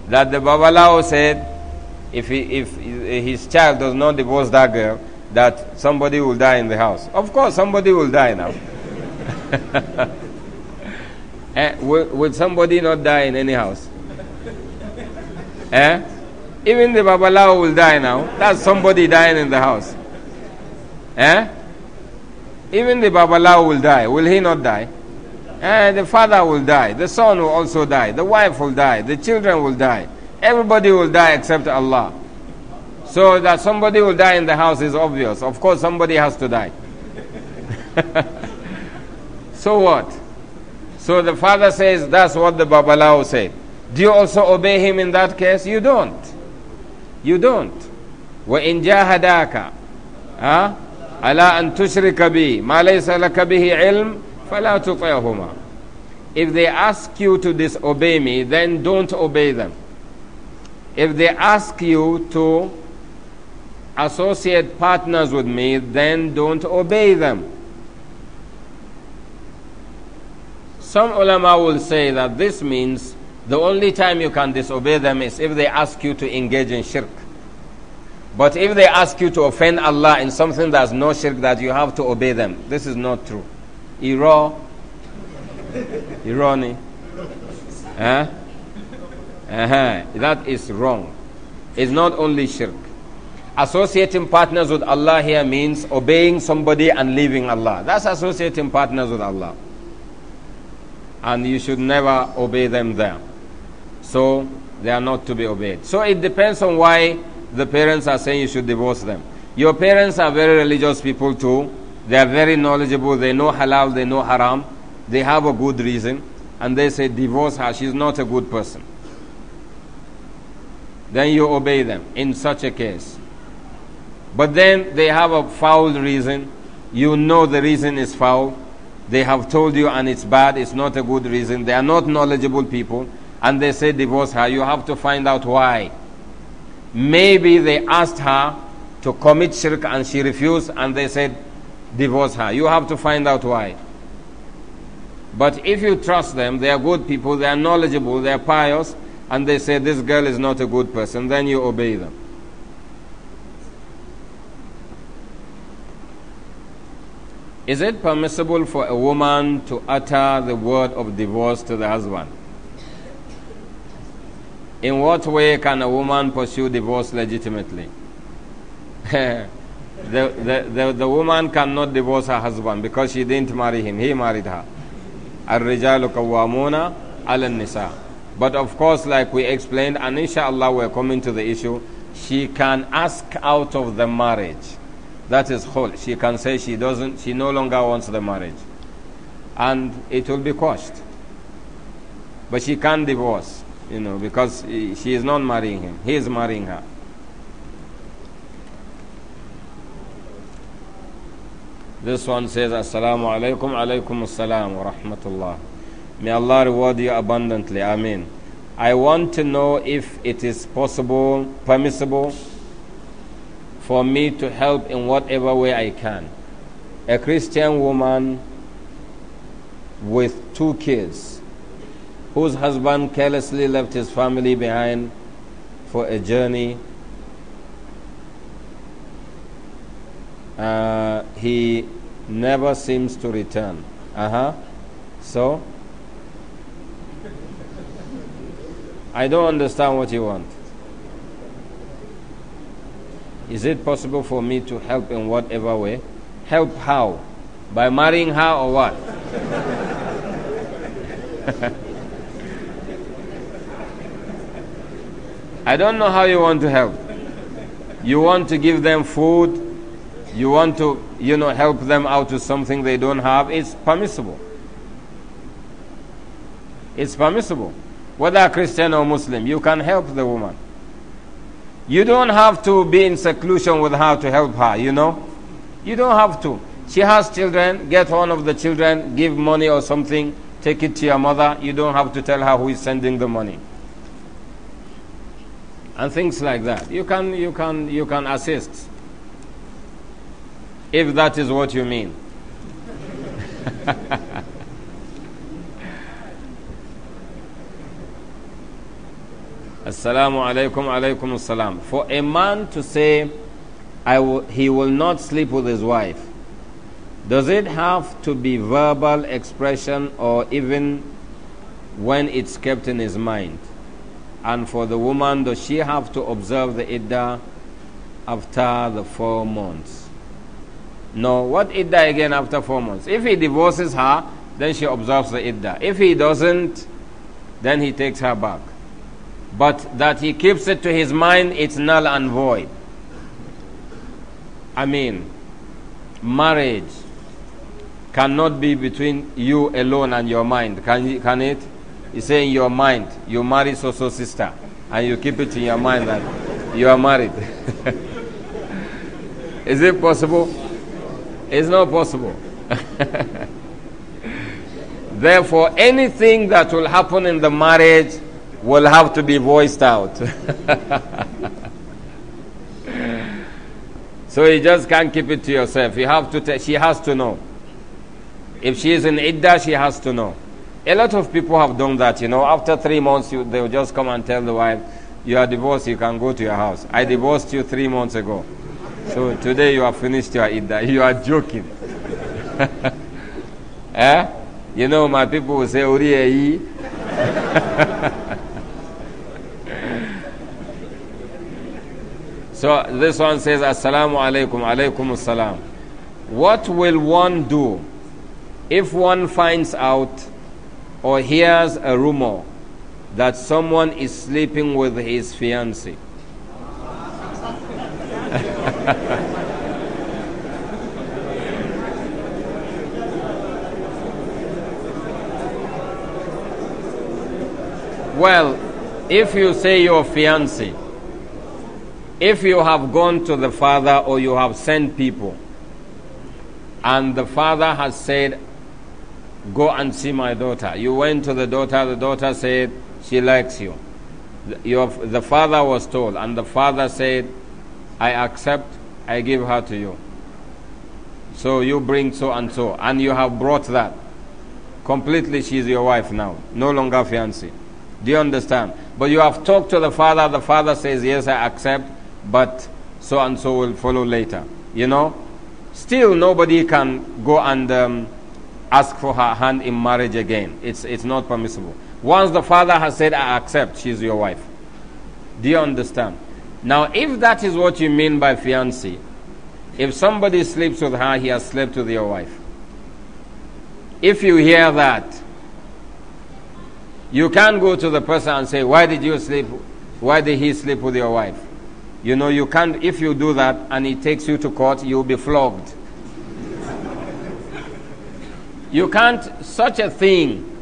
that the Babalao said if, he, if his child does not divorce that girl, that somebody will die in the house. Of course, somebody will die now. eh, will, will somebody not die in any house? Eh? Even the babalawo will die now. That's somebody dying in the house. Eh? Even the babalawo will die. Will he not die? Eh, the father will die. The son will also die. The wife will die. The children will die. Everybody will die except Allah. So that somebody will die in the house is obvious. Of course, somebody has to die. so what? So the father says, That's what the Babalao said. Do you also obey him in that case? You don't. You don't. وَإِن جَاهَدَاكَ أه? على أن تشرك بي ما ليس لك به علم فلا تطعهما If they ask you to disobey me, then don't obey them. If they ask you to associate partners with me, then don't obey them. Some ulama will say that this means the only time you can disobey them is if they ask you to engage in shirk. But if they ask you to offend Allah in something that's no shirk, that you have to obey them. This is not true. Iro, irony. Huh? Uh-huh. That is wrong. It's not only shirk. Associating partners with Allah here means obeying somebody and leaving Allah. That's associating partners with Allah. And you should never obey them there. So they are not to be obeyed. So it depends on why the parents are saying you should divorce them. Your parents are very religious people too. They are very knowledgeable. They know halal, they know haram. They have a good reason. And they say, divorce her. She's not a good person then you obey them in such a case. But then they have a foul reason. You know the reason is foul. They have told you and it's bad, it's not a good reason. They are not knowledgeable people. And they say, divorce her. You have to find out why. Maybe they asked her to commit shirk and she refused and they said, divorce her. You have to find out why. But if you trust them, they are good people, they are knowledgeable, they are pious, and they say this girl is not a good person, then you obey them. Is it permissible for a woman to utter the word of divorce to the husband? In what way can a woman pursue divorce legitimately? the, the, the, the, woman cannot divorce her husband because she didn't marry him, he married her. الرجال قوامون al nisa. But of course, like we explained, and inshallah we're coming to the issue, she can ask out of the marriage. That is khul. She can say she doesn't, she no longer wants the marriage. And it will be quashed. But she can't divorce, you know, because she is not marrying him. He is marrying her. This one says, Assalamu alaikum, alaikum assalam wa rahmatullah. May Allah reward you abundantly. Amen. I want to know if it is possible, permissible, for me to help in whatever way I can. A Christian woman with two kids whose husband carelessly left his family behind for a journey. Uh, he never seems to return. Uh huh. So, I don't understand what you want. Is it possible for me to help in whatever way? Help how? By marrying her or what? I don't know how you want to help. You want to give them food, you want to, you know, help them out with something they don't have. It's permissible. It's permissible whether Christian or Muslim, you can help the woman. You don't have to be in seclusion with her to help her, you know? You don't have to. She has children, get one of the children, give money or something, take it to your mother. You don't have to tell her who is sending the money. And things like that. You can, you can, you can assist. If that is what you mean. Assalamu alaikum, alaikum assalam. For a man to say, he will not sleep with his wife, does it have to be verbal expression or even when it's kept in his mind? And for the woman, does she have to observe the iddah after the four months? No. What iddah again after four months? If he divorces her, then she observes the iddah. If he doesn't, then he takes her back but that he keeps it to his mind, it's null and void. I mean, marriage cannot be between you alone and your mind, can, can it? You say in your mind, you marry so so sister, and you keep it in your mind that you are married. Is it possible? It's not possible. Therefore, anything that will happen in the marriage will have to be voiced out. so you just can't keep it to yourself. You have to. T- she has to know. If she is in idda, she has to know. A lot of people have done that. You know, after three months, you, they'll just come and tell the wife, "You are divorced. You can go to your house. I divorced you three months ago. So today you have finished your idda. You are joking." eh? You know, my people will say, Uriye eh, So this one says, Assalamu alaikum, alaikum assalam. What will one do if one finds out or hears a rumor that someone is sleeping with his fiancée? well, if you say your fiancée, if you have gone to the father or you have sent people, and the father has said, Go and see my daughter. You went to the daughter, the daughter said, She likes you. Your, the father was told, and the father said, I accept, I give her to you. So you bring so and so, and you have brought that. Completely, she is your wife now, no longer fiancée. Do you understand? But you have talked to the father, the father says, Yes, I accept, but so and so will follow later. You know? Still, nobody can go and um, ask for her hand in marriage again. It's, it's not permissible. Once the father has said, I accept, she's your wife. Do you understand? Now, if that is what you mean by fiancé, if somebody sleeps with her, he has slept with your wife. If you hear that, you can't go to the person and say, Why did you sleep? Why did he sleep with your wife? You know, you can't, if you do that and he takes you to court, you'll be flogged. you can't, such a thing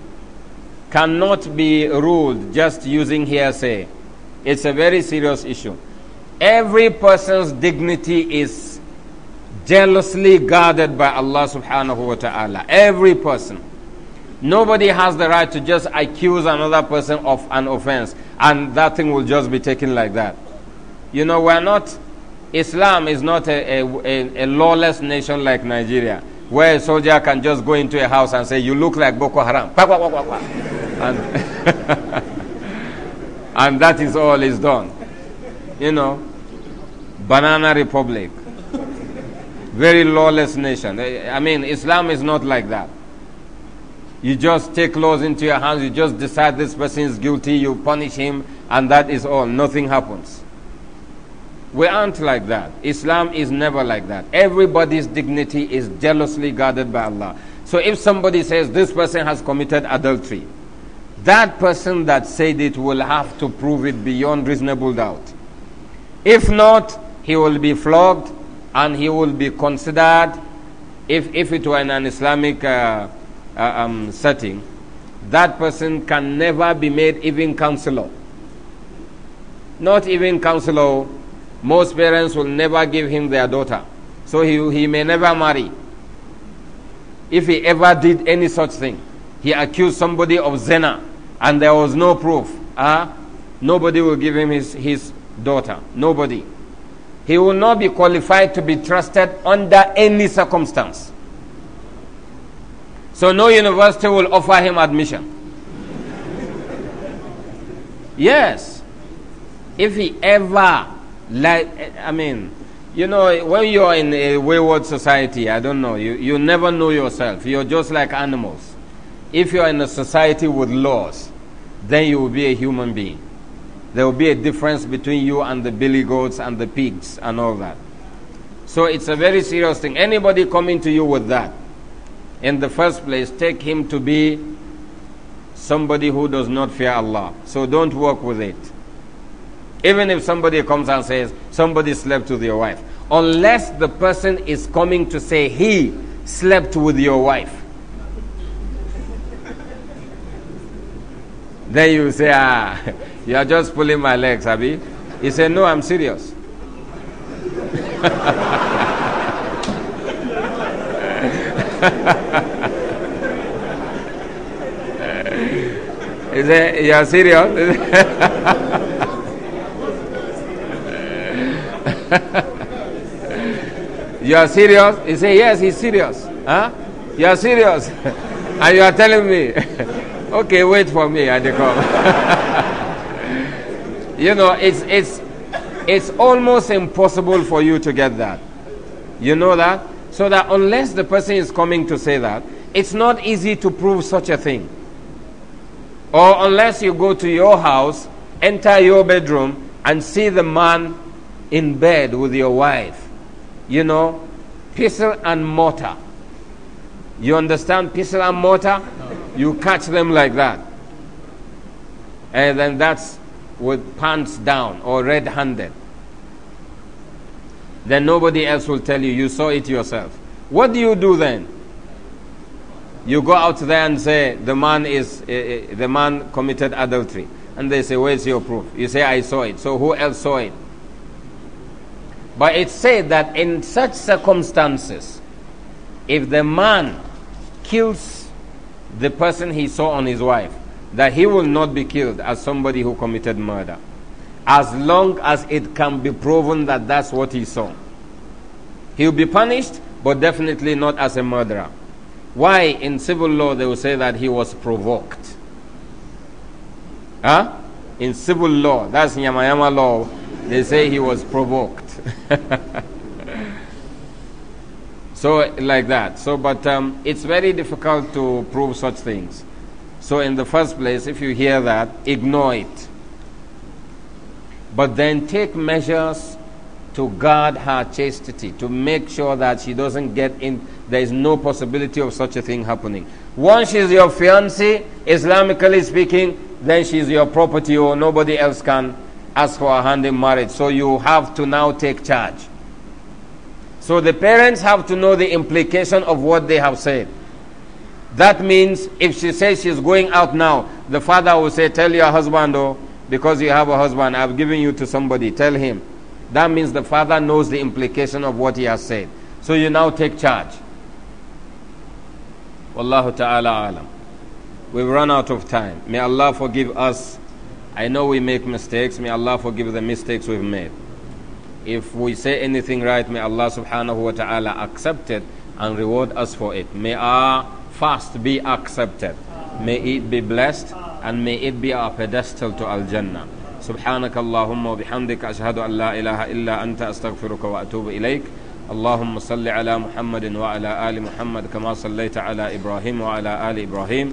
cannot be ruled just using hearsay. It's a very serious issue. Every person's dignity is jealously guarded by Allah subhanahu wa ta'ala. Every person. Nobody has the right to just accuse another person of an offense and that thing will just be taken like that. You know, we're not, Islam is not a, a, a, lawless nation like Nigeria, where a soldier can just go into a house and say, You look like Boko Haram. And, and that is all is done. You know, Banana Republic. Very lawless nation. I mean, Islam is not like that. You just take laws into your hands, you just decide this person is guilty, you punish him, and that is all. Nothing happens. We aren't like that. Islam is never like that. Everybody's dignity is jealously guarded by Allah. So if somebody says this person has committed adultery, that person that said it will have to prove it beyond reasonable doubt. If not, he will be flogged and he will be considered, if, if it were in an Islamic uh, uh, um, setting, that person can never be made even counselor. Not even counselor most parents will never give him their daughter. So he, he may never marry. If he ever did any such thing, he accused somebody of zina and there was no proof. Ah, uh, nobody will give him his, his daughter. Nobody. He will not be qualified to be trusted under any circumstance. So no university will offer him admission. yes. If he ever like, I mean, you know, when you're in a wayward society, I don't know, you, you never know yourself. You're just like animals. If you're in a society with laws, then you will be a human being. There will be a difference between you and the billy goats and the pigs and all that. So it's a very serious thing. Anybody coming to you with that, in the first place, take him to be somebody who does not fear Allah. So don't work with it. Even if somebody comes and says, somebody slept with your wife. Unless the person is coming to say, he slept with your wife. then you say, ah, you are just pulling my legs, Abby. He said, no, I'm serious. He said, you are serious? you are serious? He said, Yes, he's serious. Huh? You are serious? and you are telling me, Okay, wait for me at the come. you know, it's, it's, it's almost impossible for you to get that. You know that? So that unless the person is coming to say that, it's not easy to prove such a thing. Or unless you go to your house, enter your bedroom, and see the man in bed with your wife. You know, pistol and mortar. You understand pistol and mortar? No. You catch them like that. And then that's with pants down or red handed. Then nobody else will tell you. You saw it yourself. What do you do then? You go out there and say, the man, is, uh, the man committed adultery. And they say, Where's your proof? You say, I saw it. So who else saw it? But it said that in such circumstances, if the man kills the person he saw on his wife, that he will not be killed as somebody who committed murder, as long as it can be proven that that's what he saw. He'll be punished, but definitely not as a murderer. Why in civil law they will say that he was provoked? Huh? In civil law, that's Nyamayama law they say he was provoked. so, like that. So, but um, it's very difficult to prove such things. So, in the first place, if you hear that, ignore it. But then take measures to guard her chastity, to make sure that she doesn't get in, there is no possibility of such a thing happening. Once she's your fiancée, Islamically speaking, then she's your property or nobody else can ask for a hand in marriage. So you have to now take charge. So the parents have to know the implication of what they have said. That means if she says she's going out now, the father will say, Tell your husband, oh, because you have a husband, I've given you to somebody, tell him. That means the father knows the implication of what he has said. So you now take charge. Wallahu ta'ala alam. We've run out of time. May Allah forgive us I know we make mistakes. May Allah forgive the mistakes we've made. If we say anything right, may Allah subhanahu wa ta'ala accept it and reward us for it. May our fast be accepted. May it be blessed and may it be our pedestal to Al Jannah. سبحانك اللهم وبحمدك أشهد أن لا إله إلا أنت أستغفرك وأتوب إليك اللهم صل على محمد وعلى آل محمد كما صليت على إبراهيم وعلى آل إبراهيم